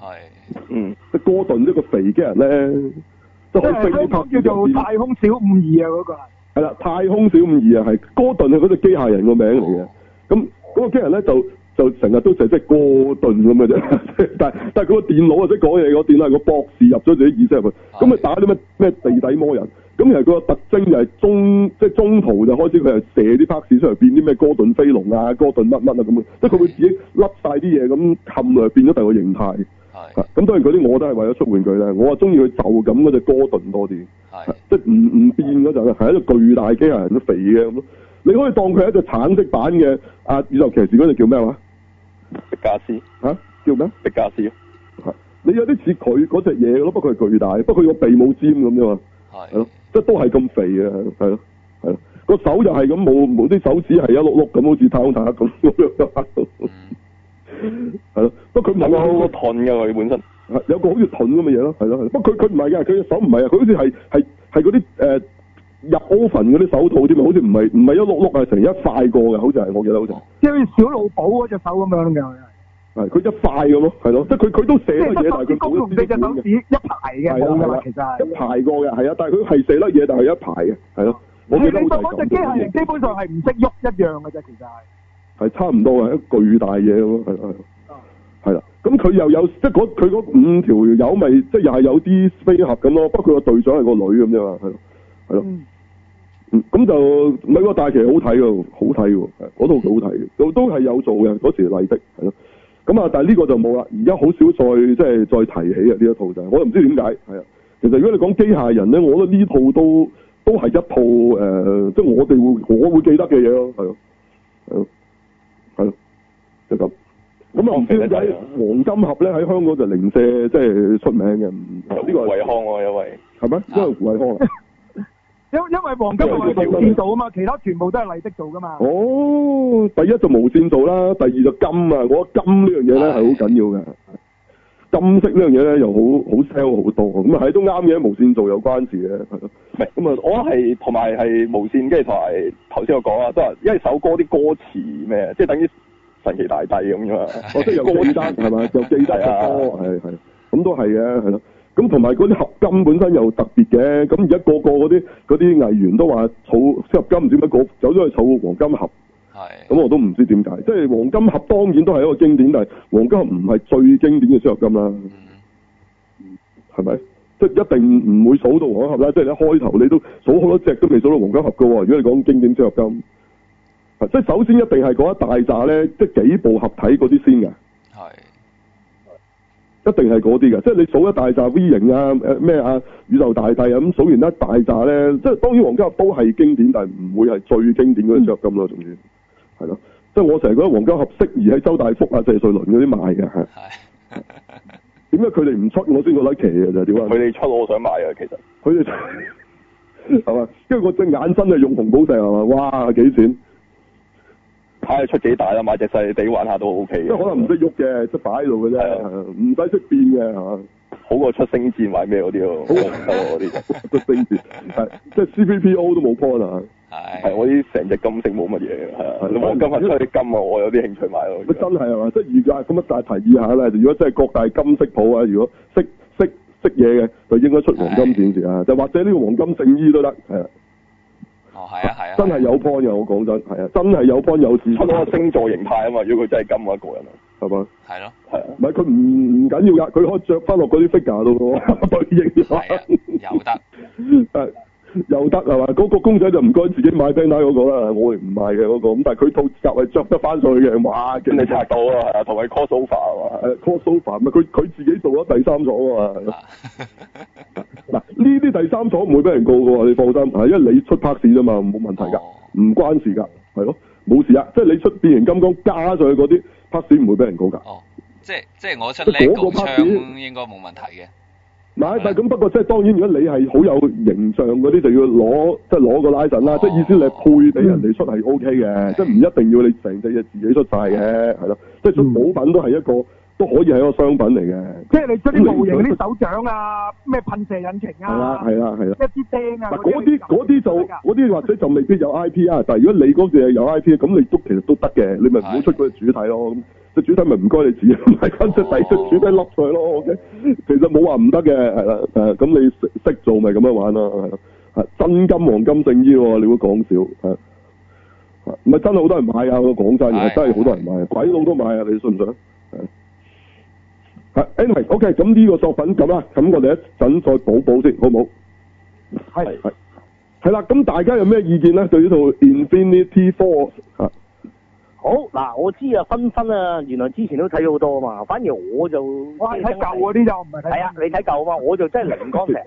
係。嗯，即係哥頓呢個肥嘅人咧，就可以叫做太空小五二啊，嗰、那個係啦，太空小五二啊，係哥頓佢嗰隻機械人的名字、哦、個名嚟嘅。咁嗰個機器人咧就就成日都成隻，是只是哥頓咁嘅啫，但係但係佢個電腦或者講嘢，個電腦係個博士入咗自己的意識入去，咁啊的打啲乜咩地底魔人，咁其實佢個特徵就係中即係、就是、中途就開始佢係射啲 packs 出嚟變啲咩哥頓飛龍啊、哥頓乜乜啊咁，即係佢會自己甩晒啲嘢咁冚啊變咗第二個形態。咁當然嗰啲我都係為咗出玩具咧，我啊中意佢就咁嗰隻哥頓多啲，係是即係唔唔變嗰陣咧，係一個巨大機械人都肥嘅咁咯。你可以當佢係一隻橙色版嘅阿宇宙騎士嗰隻叫咩話？迪加斯嚇、啊、叫咩？迪加斯，你有啲似佢嗰隻嘢咯，不過佢係巨大，不過佢個鼻冇尖咁啫嘛，係咯的，即係都係咁肥嘅，係咯，係咯，個手又係咁冇毛，啲手指係一碌碌咁，好似太空探下咁。嗯。係咯，不過佢唔係個盾噶佢本身，有個好似盾咁嘅嘢咯，係咯，不過佢佢唔係嘅，佢隻手唔係啊，佢好似係係係嗰啲誒入 oven 嗰啲手套添，好似唔係唔係一碌碌啊，成一塊過嘅，好似係，我記得好似，即係好似小露寶嗰隻手咁樣嘅佢係，佢一塊咁咯，係咯，即係佢佢都射。即係一共四隻手，指一排嘅，冇噶其實一排過嘅，係啊，但係佢係射得嘢，但係一排嘅，係咯。我你話嗰隻機械人基本上係唔識喐一樣嘅啫，其實係差唔多嘅，一巨大嘢咁咯，係係係啦。咁佢又有即係佢嗰五條友咪即係又係有啲飛俠咁咯。不過佢個隊長係個女咁啫嘛，係咯係咯。咁就唔係喎，但係好睇嘅，好睇嘅，嗰套幾好睇都都係有做嘅嗰時麗的係咯。咁啊，但係呢個就冇啦，而家好少再即係再提起啊呢一套就係，我唔知點解係啊。其實如果你講機械人咧，我覺得呢套都都係一套誒，即係我哋會我會記得嘅嘢咯，係咯，係咯。係咯、嗯，就咁、是。咁、嗯、啊，嗯、知黃金喺黃金盒咧，喺香港就零舍即係出名嘅。呢個胡惠康喎，因為係咩？都係胡惠康啊。因因為黃金係無線做啊嘛，其他全部都係麗的做㗎嘛。哦，第一就無線做啦，第二就金啊，我覺得金呢樣嘢咧係好緊要㗎。哎金色呢樣嘢咧又好好 sell 好多，咁啊睇都啱嘅，無線做有關事嘅，係咯。咁啊，我係同埋係無線，跟住同埋頭先我講啊，都係因為首歌啲歌詞咩，即係等於神奇大帝咁啫嘛。我識記得係嘛，就記得首歌，係係的，咁都係嘅，係咯。咁同埋嗰啲合金本身又特別嘅，咁而家個個嗰啲嗰啲藝員都話儲合金唔知乜個走咗去儲黃金盒。咁，我都唔知點解。即係黃金盒當然都係一個經典，但係黃金盒唔係最經典嘅超合金啦。係咪、嗯？即係一定唔會數到黃金盒啦。即係一開頭你都數好多隻都未數到黃金盒嘅。如果你講經典超合金，即係首先一定係講一大扎咧，即係幾部合體嗰啲先㗎。係是一定係嗰啲㗎。即係你數一大扎 V 型啊，誒咩啊宇宙大帝咁、啊、數完一大扎咧，即係當然黃金盒都係經典，但係唔會係最經典嗰啲超合金咯，嗯、總之。係咯，即係、就是、我成日覺得皇家合適宜喺周大福啊、謝瑞麟嗰啲買嘅點係。點解佢哋唔出，我先覺得奇啊！就係點解佢哋出，我想買啊！其實佢哋們出，係 嘛，因為我隻眼真係用紅寶石係嘛，哇幾錢？睇下出幾大啦，買隻細地玩下都 O K 即可能唔識喐嘅，即係擺喺度嘅啫，唔使識變嘅好過出星戰買，咩嗰啲咯， 些好唔得嗰啲出星戰，係即係 C V P O 都冇 point 啊。係，我啲成隻金色冇乜嘢，冇金色，啲金啊，我有啲興趣買咯。真係啊嘛，即係而家咁啊，大提議下呢，如果真係各大金色鋪啊，如果識識識嘢嘅，就應該出黃金戰士啊，就或者呢個黃金聖衣都得，係啊。哦，係啊，係啊，真係有 point 嘅，我講真啊，真係有 point 有事。出嗰個星座形態啊嘛，如果佢真係金啊，一個人啊，係咪？係咯，係。唔係佢唔唔緊要噶，佢可以著翻落嗰啲 figure 度咯，對應係啊，有得。又得係嘛？嗰、那個公仔就唔該自己買 Bandai 嗰個啦，我唔買嘅嗰、那個。咁但佢套甲係著得翻上去嘅，哇，驚你拆到啊？同埋 crossover 係嘛？crossover 化佢佢自己做咗第三廠㗎嗱，呢啲 第三廠唔會俾人告㗎喎，你放心。因為你出拍攝咋嘛，冇問題㗎，唔、哦、關事㗎，係咯，冇事啊。即係你出變形金剛加上去嗰啲拍攝唔會俾人告㗎。哦，即係即係我出你個槍應該冇問題嘅。但咁不過，即係當然，如果你係好有形象嗰啲，就要攞即係攞個 license 啦。即係意思你配俾人哋出係 O K 嘅，即係唔一定要你成隻嘢自己出晒嘅，係咯。即係冇品都係一個，都可以係一個商品嚟嘅。即係你出啲模型啲手掌啊，咩噴射引擎啊，係啦係啦係啦，一啲釘啊，嗰啲嗰啲就嗰啲 或者就未必有 I P 啊。但係如果你嗰隻有 I P，咁你都其實都得嘅，你咪唔好出嗰個主題咯。隻主體咪唔該你賠，咪揀隻底息主體甩出嚟咯。O K， 其實冇話唔得嘅，係啦。誒，咁你識做咪咁樣玩咯，係咯。係真金黃金聖衣喎，你會講笑。係，唔係真係好多人買啊！我講真嘢，的的真係好多人買啊！鬼佬都買啊！你信唔信啊？係、anyway，OK，咁呢個作品咁啦，咁我哋一陣再補補先，好唔好？係係係啦。咁大家有咩意見咧？對呢套 Infini-T Force。好嗱，我知啊，分分啊，原來之前都睇咗好多啊嘛，反而我就我係睇舊嗰啲就唔係睇。係啊，你睇舊啊嘛，我就真係零光嘅，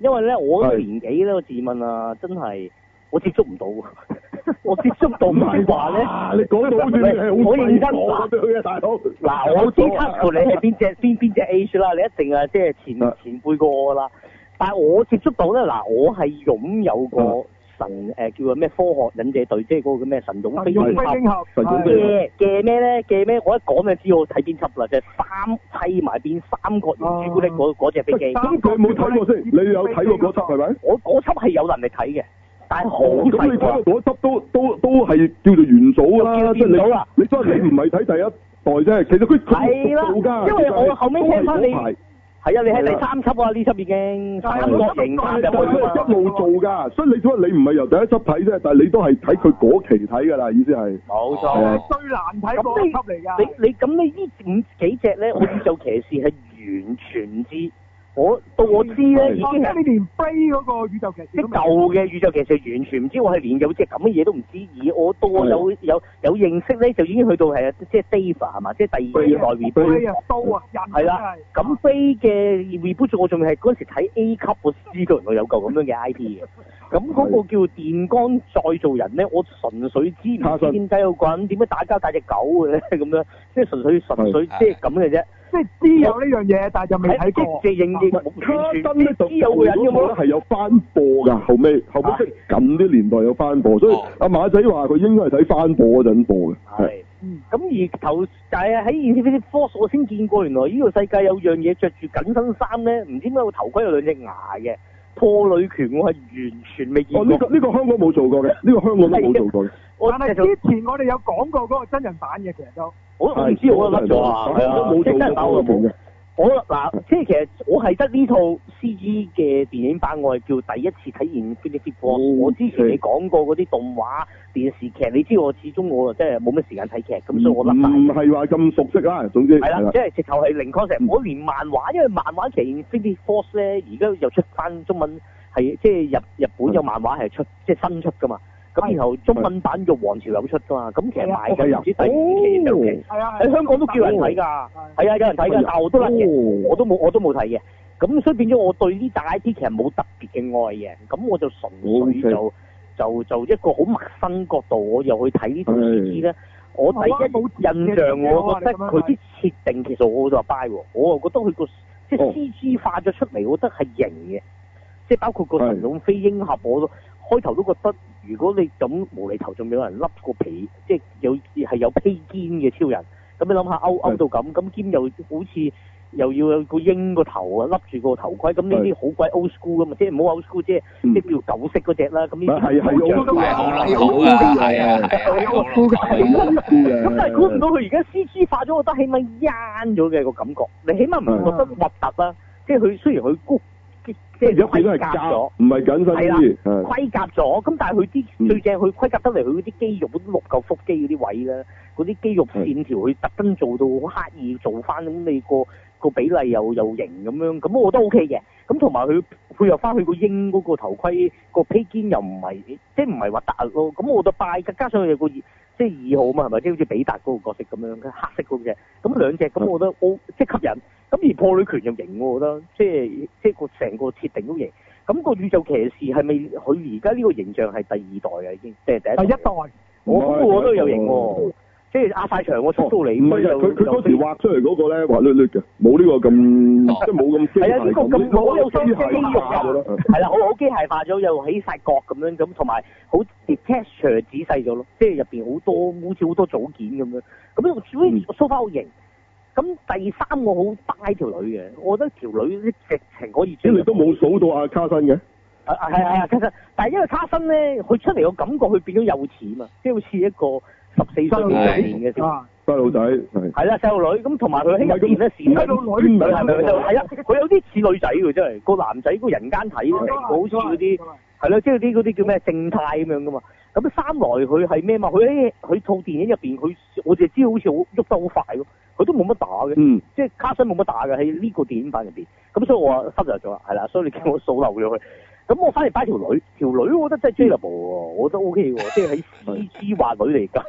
因為咧我年紀咧，我自問啊，真係我接觸唔到，我接觸到唔係話咧。你講到好似好認真我對佢啊，大佬。嗱，我先 cut you，你係邊隻邊邊隻 age 啦，你一定啊即係前前輩過我啦。但係我接觸到咧，嗱，我係擁有過。神、呃、叫做咩科學忍者隊，即係嗰個叫咩神勇飛鷹俠嘅咩咧？嘅咩、嗯啊？我一講你就知道睇邊輯啦，就係、是、三砌埋變三個朱古力嗰隻飛機。咁、嗯、你冇睇過先？你有睇過嗰輯係咪？是吧我嗰輯係有人嚟睇嘅，但係好睇過。咁、啊、你嗰輯都都都係叫做元素啦，即係你。你都係你唔係睇第一代啫，其實佢佢冇因為我後尾聽翻你。係啊，你喺第三輯啊，呢輯了已經國三角形啦，一路做噶，所以你都解你唔係由第一輯睇啫？但係你都係睇佢嗰期睇噶啦，意思係。冇錯，哦，最難睇嗰一輯嚟噶。你你咁你呢五幾隻咧？我宇宙騎士係完全唔知。我到我知咧，已經係你連 B 嗰個宇宙騎士，啲舊嘅宇宙騎士，其實完全唔知。我係連有隻咁嘅嘢都唔知。而我到我有的有有認識咧，就已經去到係啊，即係 Dava 係嘛，即係第二代 Reboot 刀的啊！人係啦、就是，咁 B 嘅 Reboot 我仲係嗰陣時睇 A 級我知到有個咁樣嘅 IP 嘅。咁嗰個叫做電光再造人咧，我純粹知唔知點解有個人點樣打交帶隻狗嘅咧？咁樣即係純粹純粹即係咁嘅啫。即係知有呢樣嘢，但係就未睇過。即係認認呢真咧，啊、就有人。原來咧係有翻播㗎，後尾後尾即係近啲年代有翻播，哎、所以阿馬仔話佢應該係睇翻播嗰陣播嘅。咁、哎是嗯、而頭但係喺呢啲科索先見過，原來呢個世界有樣嘢，着住緊身衫咧，唔知點解個頭盔有兩隻牙嘅。破女權，我係完全未見過。哦，呢個呢個香港冇做過嘅，呢個香港都冇做過嘅。 但係之前我哋有講過嗰個真人版嘅，其實都我都唔知我乜咗啊。係啊的，即真人的版我冇嘅。 我嗱，即係其實我係得呢套 C G 嘅電影版，我係叫第一次體驗《Infini-T Force》。哦、我之前你講過嗰啲動畫、電視劇，你知我始終我即係冇乜時間睇劇，咁所以我諗唔係話咁熟悉啦。總之係啦，即係直頭係零 concept、嗯。我連漫畫，因為漫畫其實《Infini-T Force》咧，而家又出翻中文，係即係日日本有漫畫係出是的即係新出噶嘛。咁然後中文版《玉皇朝》有出噶嘛。咁其實買嘅又唔止第二期、三期，喺香港都叫人睇㗎。係啊，有人睇㗎，但我都係我都冇，我都冇睇嘅。咁所以變咗，我對呢大 I T 其實冇特別嘅愛嘅。咁我就純粹就就就一個好陌生角度，我又去睇呢套 C G 咧。我第一冇印象，我覺得佢啲設定其實我好受 buy 喎。我啊覺得佢個即係 C G 化咗出嚟，我覺得係型嘅。即係包括個神龍飛鷹俠，我。開頭都覺得，如果你咁無厘頭，仲有人笠個皮，即係有係有披肩嘅超人，咁你諗下勾勾到咁，咁兼又好似又要有個鷹個頭啊，笠住個頭盔，咁呢啲好鬼 old school 噶嘛，即係唔好 old school，即係即叫舊式嗰隻啦，咁呢啲好古舊啊，好古舊啊，係啊，好古舊，咁但係估唔到佢而家 CG 化咗，我覺得起碼 yan 咗嘅個感覺，你起碼唔覺得核突啦，即係佢雖然佢即係盔甲咗，唔係緊身啲，盔甲咗。咁但係佢啲最正，佢、嗯、盔甲得嚟，佢啲肌肉，嗰六嚿腹肌嗰啲位咧，嗰啲肌肉線條，佢特登做到好刻意做翻、那個，咁你個個比例又有型咁樣，咁我都 O K 嘅。咁同埋佢配合翻佢個鷹嗰個頭盔、那個披肩又唔係，即係唔係話核突啊咯。咁我都拜加上佢有、那個。即二號啊嘛，係咪？即好似比達嗰個角色咁樣嘅黑色嗰、那個、隻，咁兩隻咁，我覺得好，即吸引。咁而破女權又型，我覺得即即個成個設定都型。咁、那個宇宙騎士係咪佢而家呢個形象係第二代啊？已經即係第一代？我、哦、我都有型喎、啊。即係阿曬長我梳到你。佢佢嗰時畫出嚟嗰個呢畫咧滑捋捋嘅，冇呢個咁 即係冇咁呢咁。機械化咗咯。係啦，好機械化咗，又起晒角咁樣咁，同埋好 detach 嚮仔細咗咯。即係入面多好多好似好多組件咁樣。咁呢個梳啲梳翻好型。咁、嗯、第三個好大條女嘅，我覺得條女,得條女直情可以。呢你都冇數到阿卡辛嘅、啊。啊啊係係啊，其實但係因為卡辛咧，佢出嚟個感覺佢變咗幼稚啊，即係好似一個。十四歲嘅細路仔，係啦，細路女，咁同埋佢兄弟入邊細路女係咪？係啦，佢有啲似女仔嘅真係，個男仔個人間睇好似嗰啲係咯，即係啲嗰啲叫咩正太咁樣噶嘛。咁三來佢係咩嘛？佢喺佢套電影入邊，佢我哋知好似好喐得好快咯，佢都冇乜打嘅，即係卡身冇乜打嘅喺呢個電影版入邊。咁所以我啊忽略咗，係啦，所以你叫我數漏咗佢。咁我反而擺條女，條女我覺得真係 Jable，我覺得 O K，即係喺絲絲話女嚟計，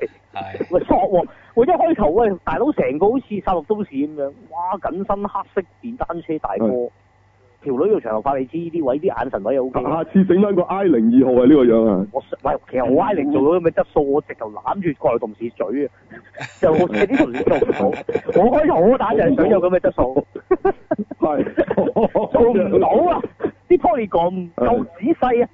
喂索喎，我一開頭喂大佬成個好似殺戮都市咁樣，哇緊身黑色電單車大哥，條女又長頭髮，你知呢啲位啲眼神位又 O K，下次整翻個 I 零二號係呢個樣啊，我喂其實我 I 零做到咁嘅質素，我直頭攬住過去同事嘴，就我呢套嘢做唔到，我開好打就係想有咁嘅質素，係做唔到啊。你講夠仔細啊，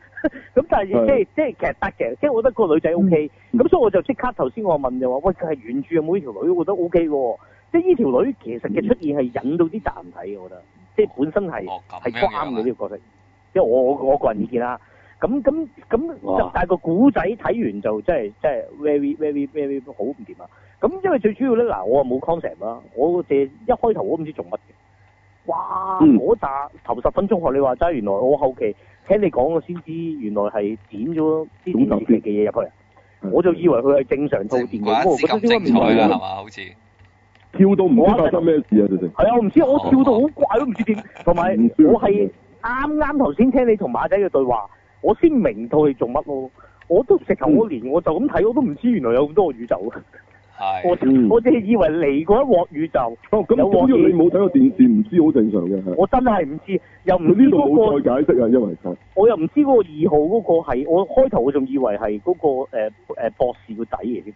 咁但係即即其實得嘅，即係我覺得個女仔 O K，咁所以我就即刻頭先我問就話、是、喂，佢係原著有冇呢條女？我覺得 O K 喎，即係呢條女其實嘅出現係引到啲難睇嘅，我覺得，即、就、係、是、本身係係啱嘅呢個角色，即、就、係、是、我我，我個人意見啦。咁咁咁，哇但係個古仔睇完就真係真係 very very very 好唔掂啊！咁因為最主要咧，嗱，我啊冇 concept 啦，我淨一開頭我都唔知做乜嘅。哇！我打頭十分鐘學你話齋，原來我後期聽你講我先知，原來係剪咗啲唔識嘅嘢入去，我就以為佢係正常套電影喎。嗯、我覺得呢個唔對㗎，係嘛？好似跳到唔知發生咩事啊！對對，係啊！我唔知，我跳到好怪都唔知點。同埋我係啱啱頭先聽你同馬仔嘅對話，我先明到係做乜咯。我都直頭我連我就咁睇，我都唔知原來有咁多個宇宙。是我我只以為嚟過一鑊宇宙，咁主要你冇睇過電視，唔知好正常嘅。我真係唔知，又唔知呢度冇再解釋啊，因為我又唔知嗰個二號嗰個係，我開頭，我仲以為係嗰、嗰個誒誒、呃呃、博士個仔嚟嘅。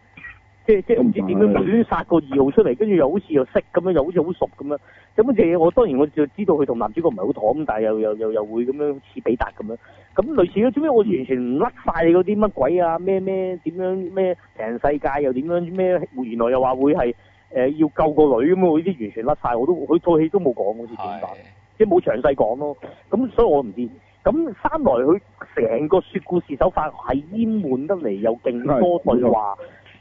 即即唔知點樣亂殺個二號出嚟，跟住又好似又識咁樣，又好似好熟咁樣。咁嗰隻嘢我當然我就知道佢同男主角唔係好妥咁，但係又又又又會咁樣似比達咁樣。咁類似咯，做咩我完全甩曬嗰啲乜鬼啊？咩咩點樣咩平行世界又點樣咩？原來又話會係誒、呃、要救個女咁喎？呢啲完全甩晒。我都佢套戲都冇講好似點解，的即冇詳細講咯。咁所以我唔知。咁翻來佢成個說故事手法係淹滿得嚟，有勁多對話，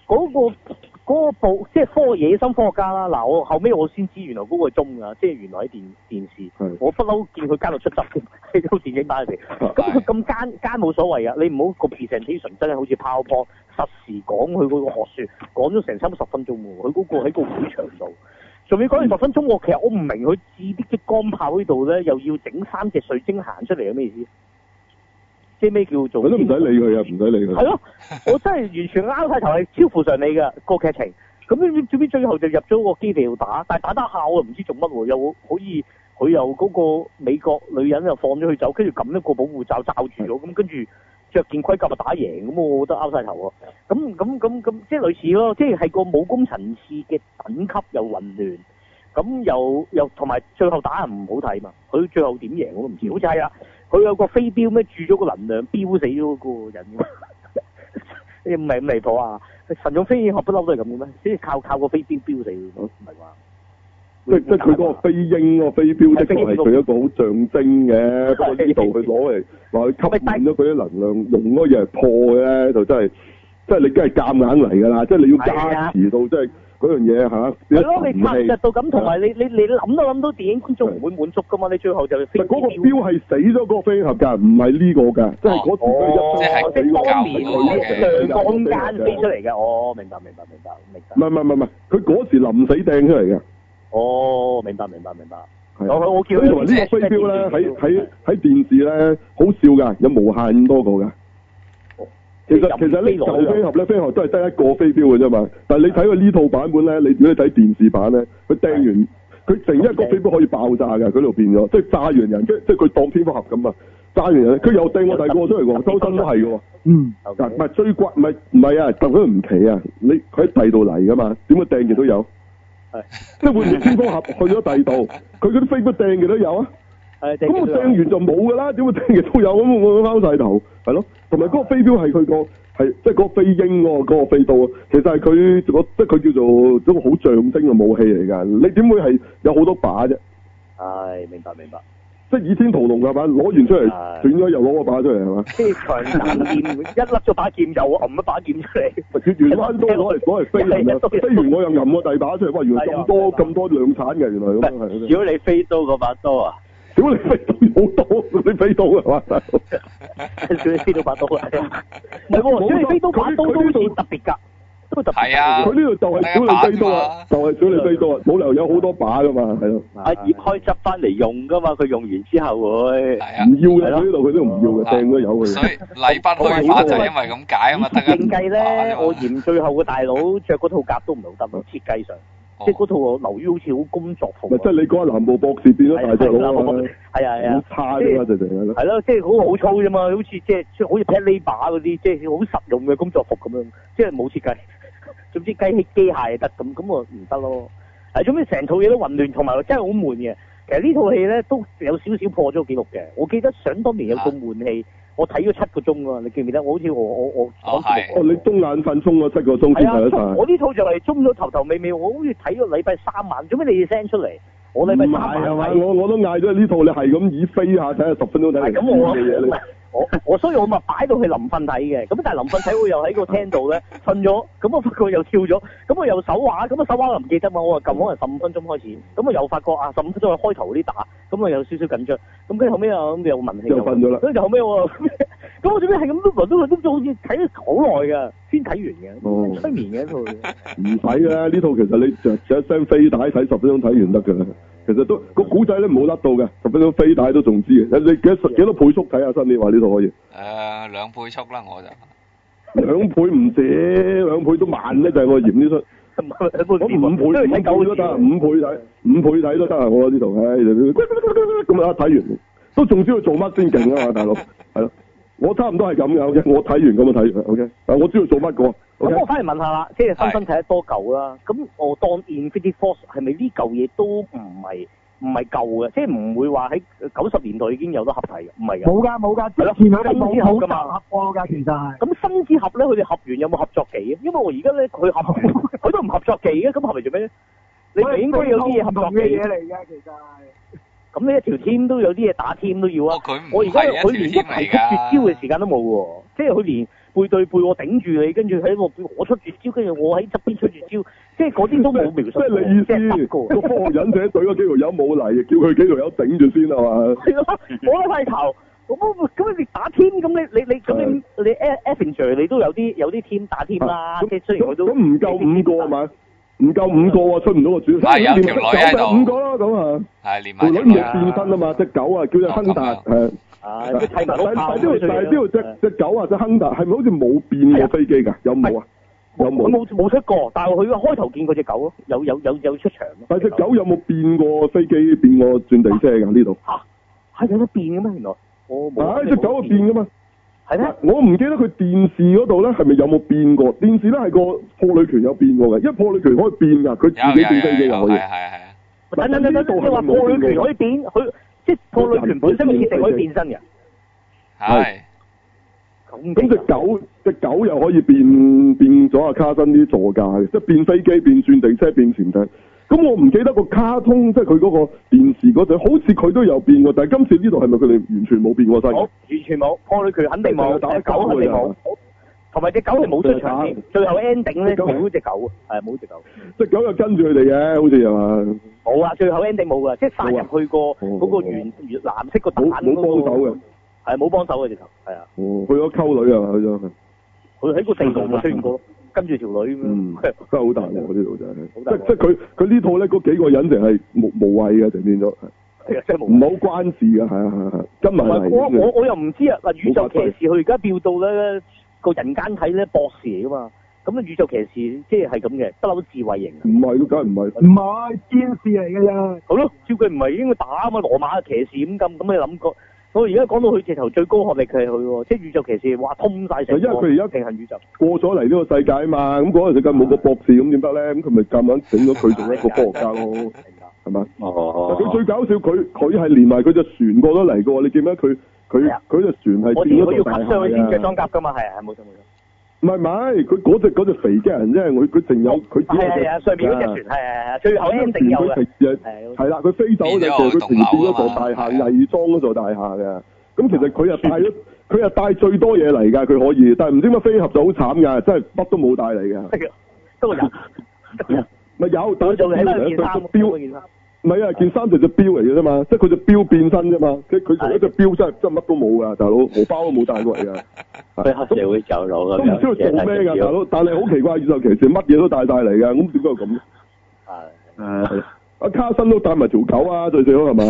嗰、那個嗰、那個、部即係科學野心科學家啦，嗱，我後尾我先知原來嗰個鐘啊，即係原來喺電電視，的我不嬲見佢奸到出汁喺套電影版入邊，咁佢咁奸奸冇所謂啊！你唔好個 presentation 真係好似 PowerPoint 實時講佢嗰個學説，講咗成三十分鐘喎，佢嗰個喺個會場度，仲未講完十分鐘，我其實我唔明佢自啲啲鋼炮喺度咧，又要整三隻水晶行出嚟有咩意思？即咩叫做我都唔使理佢 啊，唔使理佢。係咯，我真係完全拗晒頭，係超乎常理㗎個劇情。咁點知最後就入咗個基地度打，但係打打下我又唔知做乜喎，又好似佢又嗰個美國女人又放咗佢走，跟住撳一個保護罩罩住咗，咁跟住着件盔甲就打贏，咁我都拗晒頭啊！咁咁咁咁，即係類似咯，即係係個武功層次嘅等級又混亂，咁又又同埋最後打係唔好睇嘛，佢最後點贏我都唔知。好似係啊！佢有個飛鏢咩？注咗個能量，飈死咗嗰個人。 你唔係咁離譜啊？神勇飛鷹俠不嬲都係咁嘅咩？先靠靠個飛鏢飈死。哦、啊，唔係啩？即即佢嗰個飛鷹、嗰個飛鏢飛的確係佢一個好象徵嘅。不過呢度佢攞嚟，攞 去吸滿咗佢嘅能量，用嗰嘢破嘅就真係，真真真啊、即係你梗係夾硬嚟㗎啦！即係你要加持到，即係、啊。嗰樣嘢嚇，係咯，你拍實到咁，同埋你你你諗都諗到電影觀眾唔會滿足噶嘛，你最後就飛。但嗰個標係死咗個飛俠㗎，唔係呢個㗎，即係嗰時佢一多面佢上空間飛出嚟嘅。我明白明白明白明白。唔係唔係唔係，佢嗰時臨死掟出嚟嘅。哦，明白明白明白。我叫。所以同埋呢個飛鏢咧，喺喺喺電視咧好笑㗎，有無限多個㗎。其實、那個、其實咧，個飛盒咧，飛盒都係得一個飛鏢嘅啫嘛。但係你睇佢呢套版本咧，你如果你睇電視版咧，佢掟完，佢成一個飛鏢可以爆炸嘅，佢度變咗，Okay. 即係炸完人，即即係佢當蝙蝠俠咁啊，炸完人，佢又掟我第二個出嚟，黃秋生都係嘅喎。嗯，唔係追骨，唔係唔係啊，特咁唔奇啊，你佢喺第二度嚟噶嘛，點會掟嘅都有，係 即係換完蝙蝠俠去咗第二度，佢嗰啲飛鏢掟嘅都有啊。咁我掟完就冇噶啦，點會掟完都有？咁我翻晒頭，係咯，同埋嗰個飛鏢係佢個係即係嗰個飛鷹嗰個飛刀啊，其實係佢即係佢叫做一個好象徵嘅武器嚟噶，你點會係有好多把啫？係明白明白，即係倚天屠龍噶嘛，攞完出嚟斷咗又攞個把出嚟係嘛，超強難練，一粒咗把劍又揞一把劍出嚟，佢完彎刀攞嚟攞嚟飛人啊，完我又揞個第二把出嚟，喂，原來咁多咁多量產嘅原來咁樣係，你飛刀嗰把刀啊。小李飛刀好多，你飛刀係嘛？小李飛刀把刀係啊，唔係小李飛刀把刀都好特別噶，都特別。係啊，佢呢度就係小李飛刀啊，就係小李飛刀啊，冇理由有好多把噶嘛，係咯。啊，葉開執翻嚟用噶嘛，佢用完之後佢係啊，唔要佢呢度佢都唔要嘅，掟咗有佢。所以禮拜開把就因為咁解啊嘛，得個把計咧，我嫌最後個大佬着嗰套甲都唔係好得，設計上。哦、即係嗰套流於好似好工作服、啊啊，即係你講阿南部博士變咗大隻佬，係啊啊，好、啊啊、差啫、啊、嘛，係、就係，係咯、就係，即係好好粗啫嘛，好似即係好似 Patlabor 把嗰啲，即係好實用嘅工作服咁、啊、樣，即係冇設計，總之機器機械又得咁，咁啊唔得咯，係因為成套嘢都混亂，同埋真係好悶嘅。其實呢套戲咧都有少少破咗紀錄嘅，我記得想當年有個悶戲。啊我睇咗七個鐘啊！你記唔記得？我好似我我我哦你東眼瞓衝咗七個鐘先睇得晒、啊，我呢套就係充咗頭頭尾尾，我好似睇咗禮拜三晚。做咩你要 send 出嚟？我禮拜三晚，唔係係咪？我我都嗌咗呢套，你係咁以飛一下睇下十分鐘睇，咁、啊，我我你。啊 我我所以我咪擺到去臨瞓睇嘅，咁但係臨瞓睇我又喺個廳度咧瞓咗，咁我發覺又跳咗，咁我又手畫，咁啊手畫我唔記得嘛，我話撳可能十五分鐘開始，咁我又發覺啊十五分鐘去開頭嗰啲打，咁啊有少少緊張，咁跟住後屘啊咁又聞起瞓咗啦，跟住後屘，咁 我做咩係咁耐都咁仲好似睇咗好耐嘅，先睇完嘅，催眠嘅一套。唔使啊，呢 套其實你著著一雙飛帶睇十分鐘睇完得嘅。其實都個古仔咧冇甩到嘅，甚至乎飛帶都仲知嘅。你幾多幾多倍速睇下？新？你話呢度可以？誒、呃，兩倍速啦，我就兩倍唔止，兩倍都慢咧就 我嫌呢出。 我五倍睇，五倍都得， 五倍睇五倍睇都得啊！ 我呢度。唉、哎，咁啊睇完都仲知佢做乜先勁啊！ 大佬，係咯。我差唔多係咁嘅，我睇完咁啊睇完，O K，啊我知道做乜嘅。咁、okay? 我返嚟問下啦，即係新番睇得多舊啦。咁是我當 Infini-T Force 係咪呢舊嘢都唔係，唔係舊嘅，即係唔會話喺九十年代已經有得合體嘅，唔係㗎。冇㗎，冇㗎，係咯的，之前兩好合過其實係。咁新之合咧，佢哋合完有冇合作期嘅？因為我而家咧佢合佢 都唔合作期嘅，咁合嚟做咩咧？ 你哋應該有啲嘢合作嘅嘢嚟㗎，其實係咁你一條 team 都有啲嘢打 team 都要啊、哦！我而家佢連一齊出絕招嘅時間都冇喎、啊啊，即係佢連背對背我頂住你，跟住喺我我出絕招，跟住我喺側邊出絕招，即係嗰啲都冇描述。即係你意思，一個，個忍者隊嗰幾條友冇嚟，叫佢幾條友頂住先係、啊、嘛？ 係咯，我都係頭。咁咁你打 team，咁你你你咁你的你 Avengers，你都有啲有啲 team 打 team 啦、啊。即係、啊、雖然我都咁唔夠五個係嘛？但 唔夠五個啊，出唔到個主，所以變出隻狗五個咯，咁啊，係唔變身啊嘛，隻狗啊叫做亨達，係。係，我睇邊條最大？邊隻隻狗啊，隻亨達係咪好似冇變過飛機噶？有冇啊？有冇？冇出過，但係佢開頭見嗰隻狗咯，有有有有出場。但隻狗有冇變過飛機？變過轉地車噶呢度？吓，係有得變嘅咩？原來我冇。隻狗啊變噶嘛？係咧，是我唔記得佢電視嗰度咧，係咪有冇變過？電視咧係個破裂拳有變過嘅，因為破裂拳可以變噶，佢自己變飛機又可以。係係係。等等等等，話破裂拳可以變，佢即係破裂拳本身設定可以變身嘅。係、嗯。咁咁，嗯那個、狗隻狗又可以變變咗阿卡森啲座駕，即係變飛機、變轉地車、變潛艇。咁我唔記得個卡通，即係佢嗰個電視嗰對，好似佢都有變過，但係今次呢度係咪佢哋完全冇變過，西係？完全冇，破女佢肯定冇，但係狗肯定冇，同埋隻狗係冇出場，最後 ending 咧，冇隻狗係冇隻狗。隻狗又跟住佢哋嘅，好似又係。冇啊，最後 ending 冇㗎，即係殺入去個嗰個圓藍色個蛋冇幫手嘅，係冇幫手嘅直頭，係啊。去咗溝女啊，去咗。佢喺個城牆度出現過。跟住條女，嗯，真係好大鑊，呢套就係，即即佢佢呢套咧嗰幾個人成係無無謂嘅，成變咗係，真係無唔係好關事啊！係啊係啊係啊，今日我我我又唔知啊，嗱，宇宙騎士佢而家掉到咧個人間體咧博士啊嘛，咁啊宇宙騎士即係係咁嘅，不嬲智慧型。唔係都梗係唔係。唔係戰士嚟㗎。啊、好咯，照佢唔係應該打嘛？羅馬嘅騎士咁咁咁你諗過。我而家講到佢直頭最高學歷佢係佢喎，即係宇宙騎士，哇通晒成 因為佢而家平行宇宙過咗嚟呢個世界啊嘛，咁嗰陣時佢冇個博士咁點得咧？咁佢咪夾硬整咗佢做一個科學家咯？係嘛、嗯？哦佢、啊、最搞笑，佢佢係連埋佢隻船過咗嚟嘅喎，你記得佢佢佢隻船係變咗我要吸上去先着裝甲㗎嘛，係係冇錯冇錯。唔係唔係，佢嗰隻隻肥嘅人啫，佢佢淨有佢自係上面嗰隻船，係啊。最後咧淨有。船佢平日係啦，佢飛走就坐佢前邊嗰座大廈偽裝嗰座大廈嘅。咁其實佢又帶咗，佢又帶最多嘢嚟㗎，佢可以，但係唔知點解飛俠就好慘㗎，真係乜都冇帶嚟㗎。係啊，都有，咪有，但係做嘅係一件衫，雕嗰唔係啊，件衫就隻表嚟嘅啫嘛，即係佢隻表變身啫嘛，即係佢除咗隻表真係真係乜都冇噶，大佬，荷包都冇帶過嚟噶。阿卡辛會走佬啊，都唔知佢做咩噶，大佬哥，但係好奇怪，宇宙騎士乜嘢都帶曬嚟噶，咁點解咁啊，阿卡辛都帶埋條狗啊，最少係嘛？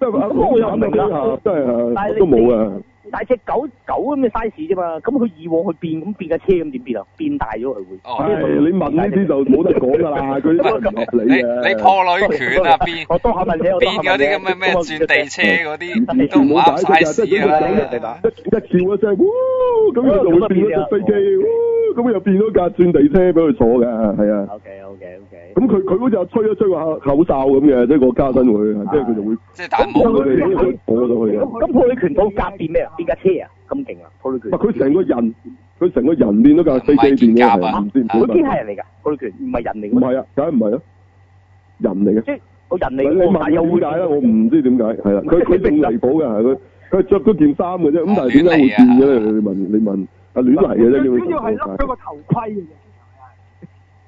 真係但你 都冇啊。大隻狗狗咁嘅 size 啫嘛，咁佢以往去變咁變架車咁點變啊？變大咗佢會。哦，係你問呢啲就冇得講㗎啦，佢。咁啊咁你啊。你拖女權啊變？哦，當下咪變嗰啲咁嘅咩轉地車嗰啲都唔啱 size 㗎啦。一跳嗰陣，哇！咁佢就會變咗架飛機，哇！咁又變咗架轉地車俾佢坐㗎，係啊。OK OK。咁佢佢嗰陣吹一吹個口哨咁嘅，即係個加薪佢，即係佢就會即係會，即佢哋，冇咗佢咁破你拳套夾變咩啊？變架車啊？咁勁啊！破佢成個人，佢成個人變咗架四 G 面嘅人唔知，唔知係人嚟噶？破你拳唔係人嚟？唔係啊，梗唔係啊，人嚟嘅。我人嚟，我係我唔知點解，係啦，佢佢變泥堡嘅係佢，佢着嗰件衫嘅啫，咁但係點解會變嘅你問你問啊，亂嚟嘅啫，你係笠個頭盔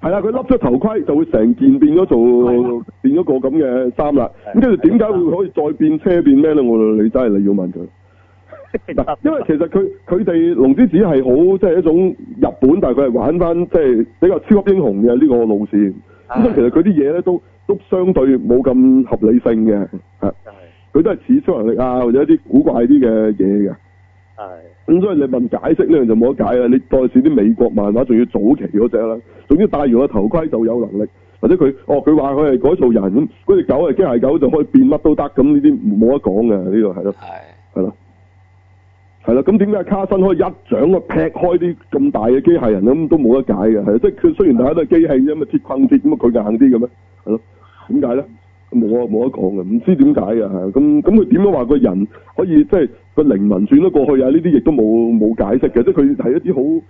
係啦，佢笠咗頭盔就會成件變咗做的變咗個咁嘅衫啦。咁跟住點解會可以再變車變咩咧？我你真係你要問佢的因為其實佢佢哋龍之子係好即係一種日本，但係佢係玩翻即係比較超級英雄嘅呢個路線。咁的其實佢啲嘢咧都都相對冇咁合理性嘅。吓的，佢都係恃超能力啊，或者一啲古怪啲嘅嘢嘅。係，咁所以你問解釋呢樣就冇得解啦。你再試啲美國漫畫，仲要早期嗰隻啦。總之戴完個頭盔就有能力，或者佢哦，佢話佢係改造人咁，嗰隻狗係機械狗，就可以變乜都得。咁呢啲冇得講嘅，呢度係咯，係係咯，係咯。咁點解卡森可以一掌啊劈開啲咁大嘅機械人？咁都冇得解嘅。係即係雖然大家都係機器啫，咪鐵框啲，咁佢硬啲嘅咩？係咯，點解咧？冇啊，冇得講嘅，唔知點解啊，咁咁佢點樣話個人可以即係個靈魂轉咗過去啊？呢啲亦都冇冇解釋嘅，即係佢係一啲好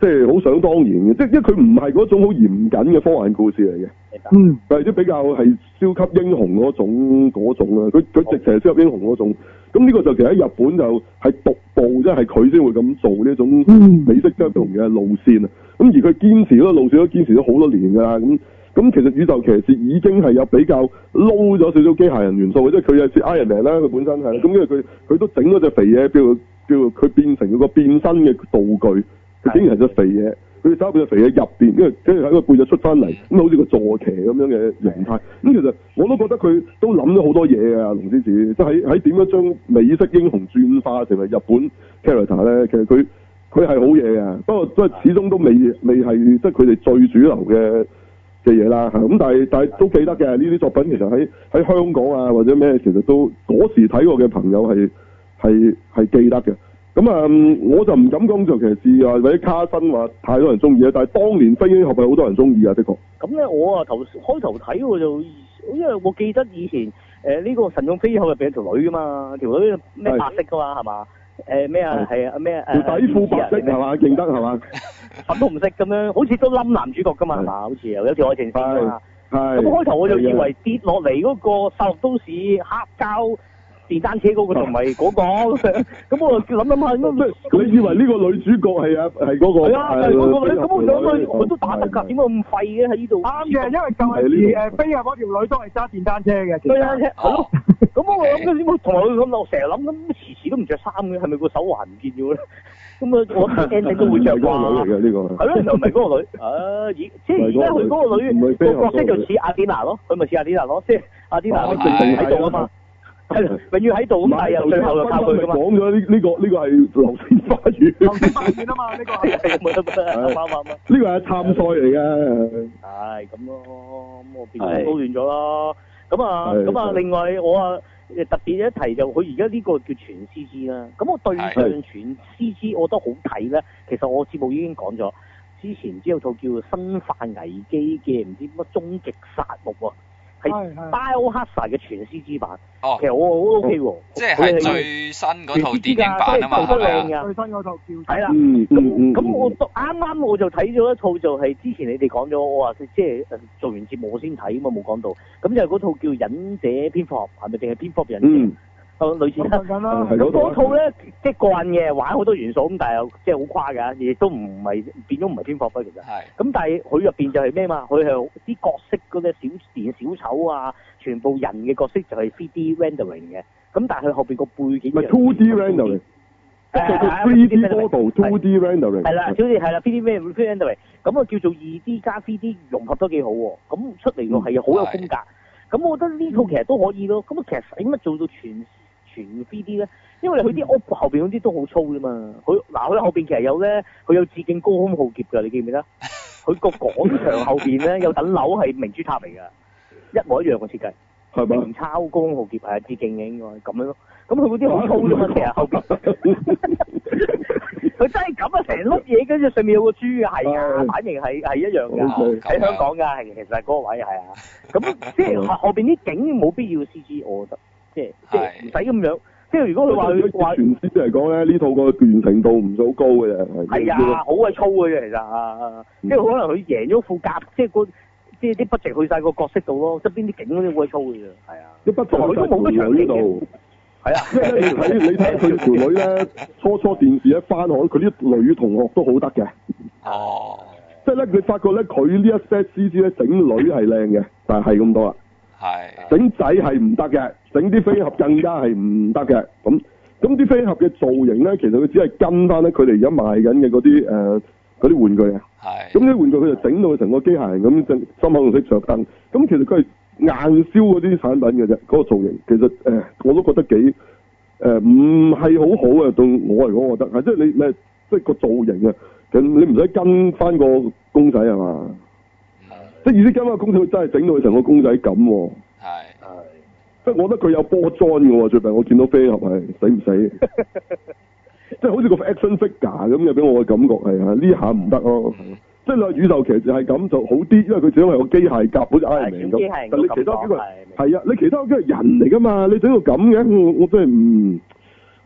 即係好想當然嘅，即係因為佢唔係嗰種好嚴謹嘅科幻故事嚟嘅，嗯白，係即比較係超級英雄嗰種嗰種啊，佢佢直情係超級英雄嗰種，咁呢白個就其實喺日本就係獨步，即係佢先會咁做呢種美式超級英雄嘅路線啊，咁白而佢堅持咗路線都堅持咗好多年㗎啦，咁。咁其實宇宙騎士已經係有比較撈咗少少機械人元素嘅，即係佢有似 Iron Man 啦，佢本身係，咁因為佢佢都整咗隻肥嘢，叫叫佢變成嗰個變身嘅道具，竟然係隻肥嘢，佢收喺隻肥嘢入面，跟住跟住喺個背脊出翻嚟，咁好似個坐騎咁樣嘅形態。咁其實我都覺得佢都諗咗好多嘢啊。龍之子，即係喺喺點樣將美式英雄轉化成為日本 character 咧，其實佢佢係好嘢嘅，不過即係始終都未未係即係佢哋最主流嘅。嘅嘢啦，係咁，但係但係都記得嘅。呢啲作品其實喺喺香港啊，或者咩，其實都嗰時睇過嘅朋友係係係記得嘅。咁啊、嗯，我就唔敢講《其實自啊，或者卡《卡辛》話太多人中意啊。但係當年飛鷹俠係好多人中意啊，的確。咁咧，我啊頭開頭睇我就，因為我記得以前呢、呃呢個神勇飛鷹俠入邊有條女噶嘛，條女咩白色噶嘛，係嘛對？咩、呃、啊？係對 啊咩？條、啊、底褲白色係嘛？認得係嘛？ 份都唔識咁樣，好似都冧男主角噶嘛，係嘛？是好似又有條愛情線啊，咁開頭我就以為跌落嚟嗰個《殺戮都市》黑膠。電單車嗰個同埋嗰個，咁我就諗諗下，咁你以為呢個女主角係啊？係嗰個？係啊，咁我想佢都打得㗎，點解咁廢嘅喺呢度？啱嘅，因為就係誒飛下嗰條女都係揸電單車嘅，車。咁我諗，點會同佢咁諗，我成日諗，咁遲遲都唔着衫嘅，係咪個手環唔見咗咧？咁啊，我肯定都會着啩。女係嘅呢個。係咯，就唔係嗰個女。啊，即係而家佢嗰個女個角色就似阿蒂娜咯，佢咪似阿蒂娜咯？即係阿蒂娜喺度啊嘛。係，永遠喺度。唔係啊，是最後就靠佢啊嘛。講咗呢呢個呢、這個係流星花園。流星花園啊嘛，呢個係得得。啱啊？呢個係貪衰嚟啊！唉，咁咯的，咁我變到搞亂咗咯。咁啊咁啊，另外我啊特別一提就，佢而家呢個叫全 C G 啦。咁我對象全 C G，我都好睇咧。其實我節目已經講咗，之前只有套叫《生化危機》嘅，唔知乜《終極殺戮》啊。係，b i o 黑 a 嘅全 CG 版，其實我好 OK 喎，即係最新嗰套電影版啊嘛，係啊，最新嗰套叫，係啦，咁咁我啱啱我就睇咗一套就係之前你哋講咗，我話即係做完節目我先睇啊嘛，冇講到，咁就嗰套叫忍者蝙蝠俠，係咪定係蝙蝠忍者？哦，類似啦。咁多、嗯、套咧，即係慣嘅玩好多元素，咁但係又即係好誇㗎，亦都唔係變咗唔係蝙蝠。其實的。係。咁但係佢入面就係咩嘛？佢係啲角色嗰啲小變小丑啊，全部人嘅角色就係 three D rendering 嘅。咁但係佢後面個背,背景。咪 two D rendering。誒係啊。three D 多度 two D rendering。係啦，好似係啦 three D 咩 two D rendering，咁啊叫做二 D 加 three D 融合都幾好喎。咁出嚟係係好有風格。咁的我覺得呢套其實都可以咯。咁其實使乜做到全？全 3D 咧，因為佢啲屋後邊嗰啲都好粗啫嘛，佢嗱佢後邊其實有咧，佢有致敬高空浩劫噶，你記唔記得？佢個廣場後邊咧有棟樓係明珠塔嚟噶，一模一樣嘅設計，係咪？唔抄高空浩劫係致敬嘅應該咁樣咯，咁佢嗰啲好粗啫嘛，其實後邊，佢真係咁啊，成碌嘢跟住上面有個珠啊，係啊，反映係係一樣噶，喺香港噶係其實嗰個位係啊，咁即係後後邊啲景冇必要 CG，我覺得。即係即係唔使咁樣。即係如果佢話佢話，全篇嚟講咧，呢套個完成度唔算好高嘅啫。係啊，好鬼粗嘅啫，其實。即係可能佢贏咗副甲，即係個即係啲 budget 去晒個角色度咯。側邊啲景都啲好鬼粗嘅啫。係啊，啲筆直都冇乜長型度。係啊。即係你睇你睇佢條女咧，初初電視一返學，佢啲女同學都好得嘅。哦。即係咧，佢發覺咧，佢呢一 set CG 咧整女係靚嘅，但係咁多啦。係。整仔係唔得嘅。整啲飛俠更加係唔得嘅，咁咁啲飛俠嘅造型咧，其實佢只係跟翻咧，佢哋而家賣緊嘅嗰啲誒嗰啲玩具啊，咁啲的玩具佢就整到佢成個機械人咁，深口雀色着燈，咁其實佢係硬銷嗰啲產品嘅啫，嗰個造型其實誒、呃、我都覺得幾誒唔係好好呀。對我嚟講，我覺得，即係你你即係個造型啊，其實你唔使跟翻個公仔係嘛？即係的意思跟翻個公仔，佢真係整到成個公仔咁。我覺得佢有波裝嘅喎，最近我見到飛俠係死唔死， 即係好似個 action figure 咁又俾我嘅感覺係啊呢下唔得咯，嗯、哼即係你宇宙其實係咁就好啲，因為佢主要係個機械甲好似 Iron Man 咁，樣的但你其他嗰個係啊，你其他嗰個人嚟噶嘛，你整到咁嘅，我我真係唔，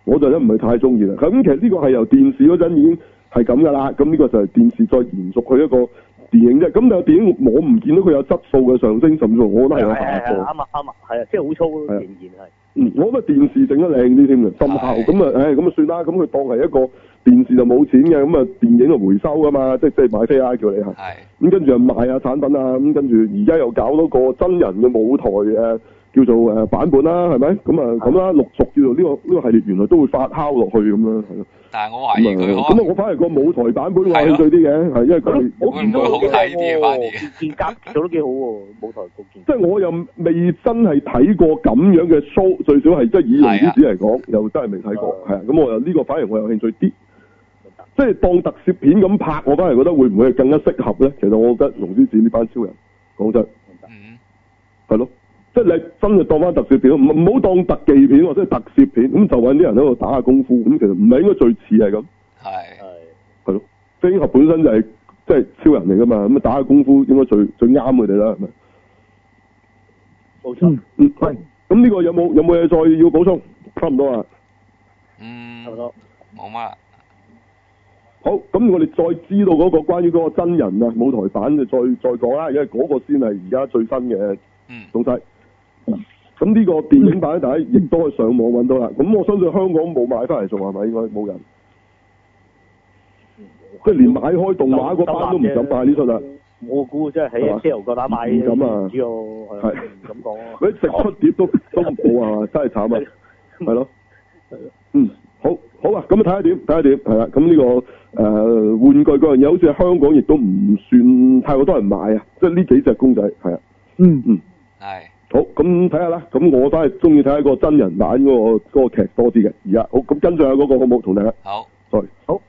我就真唔係太中意啦。咁其實呢個係由電視嗰陣已經係咁噶啦，咁呢個就係電視再延續佢一個。電影啫，咁但係電影我唔見到佢有質素嘅上升，甚至我覺得係有下降。啱啊，啱啊，係啊，即係好粗咯，仍然係。嗯，我覺得電視整得靚啲添嘅，深效咁啊，咁啊的算啦，咁佢當係一個電視就冇錢嘅，咁啊電影就回收㗎嘛，即係即係買飛啊，叫你係。係的。咁跟住又賣下產品啊，咁跟住而家又搞到個真人嘅舞台誒、啊。叫做誒版本啦，係咪咁啊？咁啦，陸續叫做呢個呢個系列，原來都會發酵落去咁樣。但係我懷疑佢。咁我反而個舞台版本我興趣啲嘅，係因為佢我見到都幾睇啲嘅，建建構做得幾好喎，舞台佈景。即係我又未真係睇過咁樣嘅 show，最少係即係以龍之子嚟講，又真係未睇過。係啊，咁我又呢個反而我有興趣啲，即係當特攝片咁拍，我反而覺得會唔會更加適合咧？其實我覺得龍之子呢班超人講真係咯。即係你是真就當翻特攝片，唔唔好當特技片，或者係特攝片。咁就揾啲人喺度打下功夫。咁其實唔係應該最似係咁。係係係咯，飛鷹俠本身就係即係超人嚟噶嘛。咁啊打下功夫應該最最啱佢哋啦，係咪？冇錯。咁呢個，嗯，有冇有冇嘢再要補充？差唔多啦。嗯，差唔多。冇乜。好，咁我哋再知道嗰、嗰個關於嗰個真人啊舞台版就再再講啦，因為嗰個先係而家最新嘅。嗯。總裁。咁呢個電影版咧，大家亦都係上網揾到啦。咁我相信香港冇買翻嚟做係咪？應該冇人，即係連買開動畫嗰班都唔敢買呢出啦。我估真係喺車油閣打買。唔敢啊！主要係唔敢講咯。誒，直出碟都都冇啊！真係慘啊！係咯，嗯，好，好啊。咁啊，睇下點，睇下點係啦。咁呢個誒玩具嗰樣嘢，好似喺香港亦都唔算太過多人買啊。即係呢幾隻公仔係啊，嗯嗯，係。好，咁睇下啦。咁我都係中意睇一個真人版嗰個嗰個劇多啲嘅。而家好，咁跟住有嗰個，好冇同你咧？好，再好，好。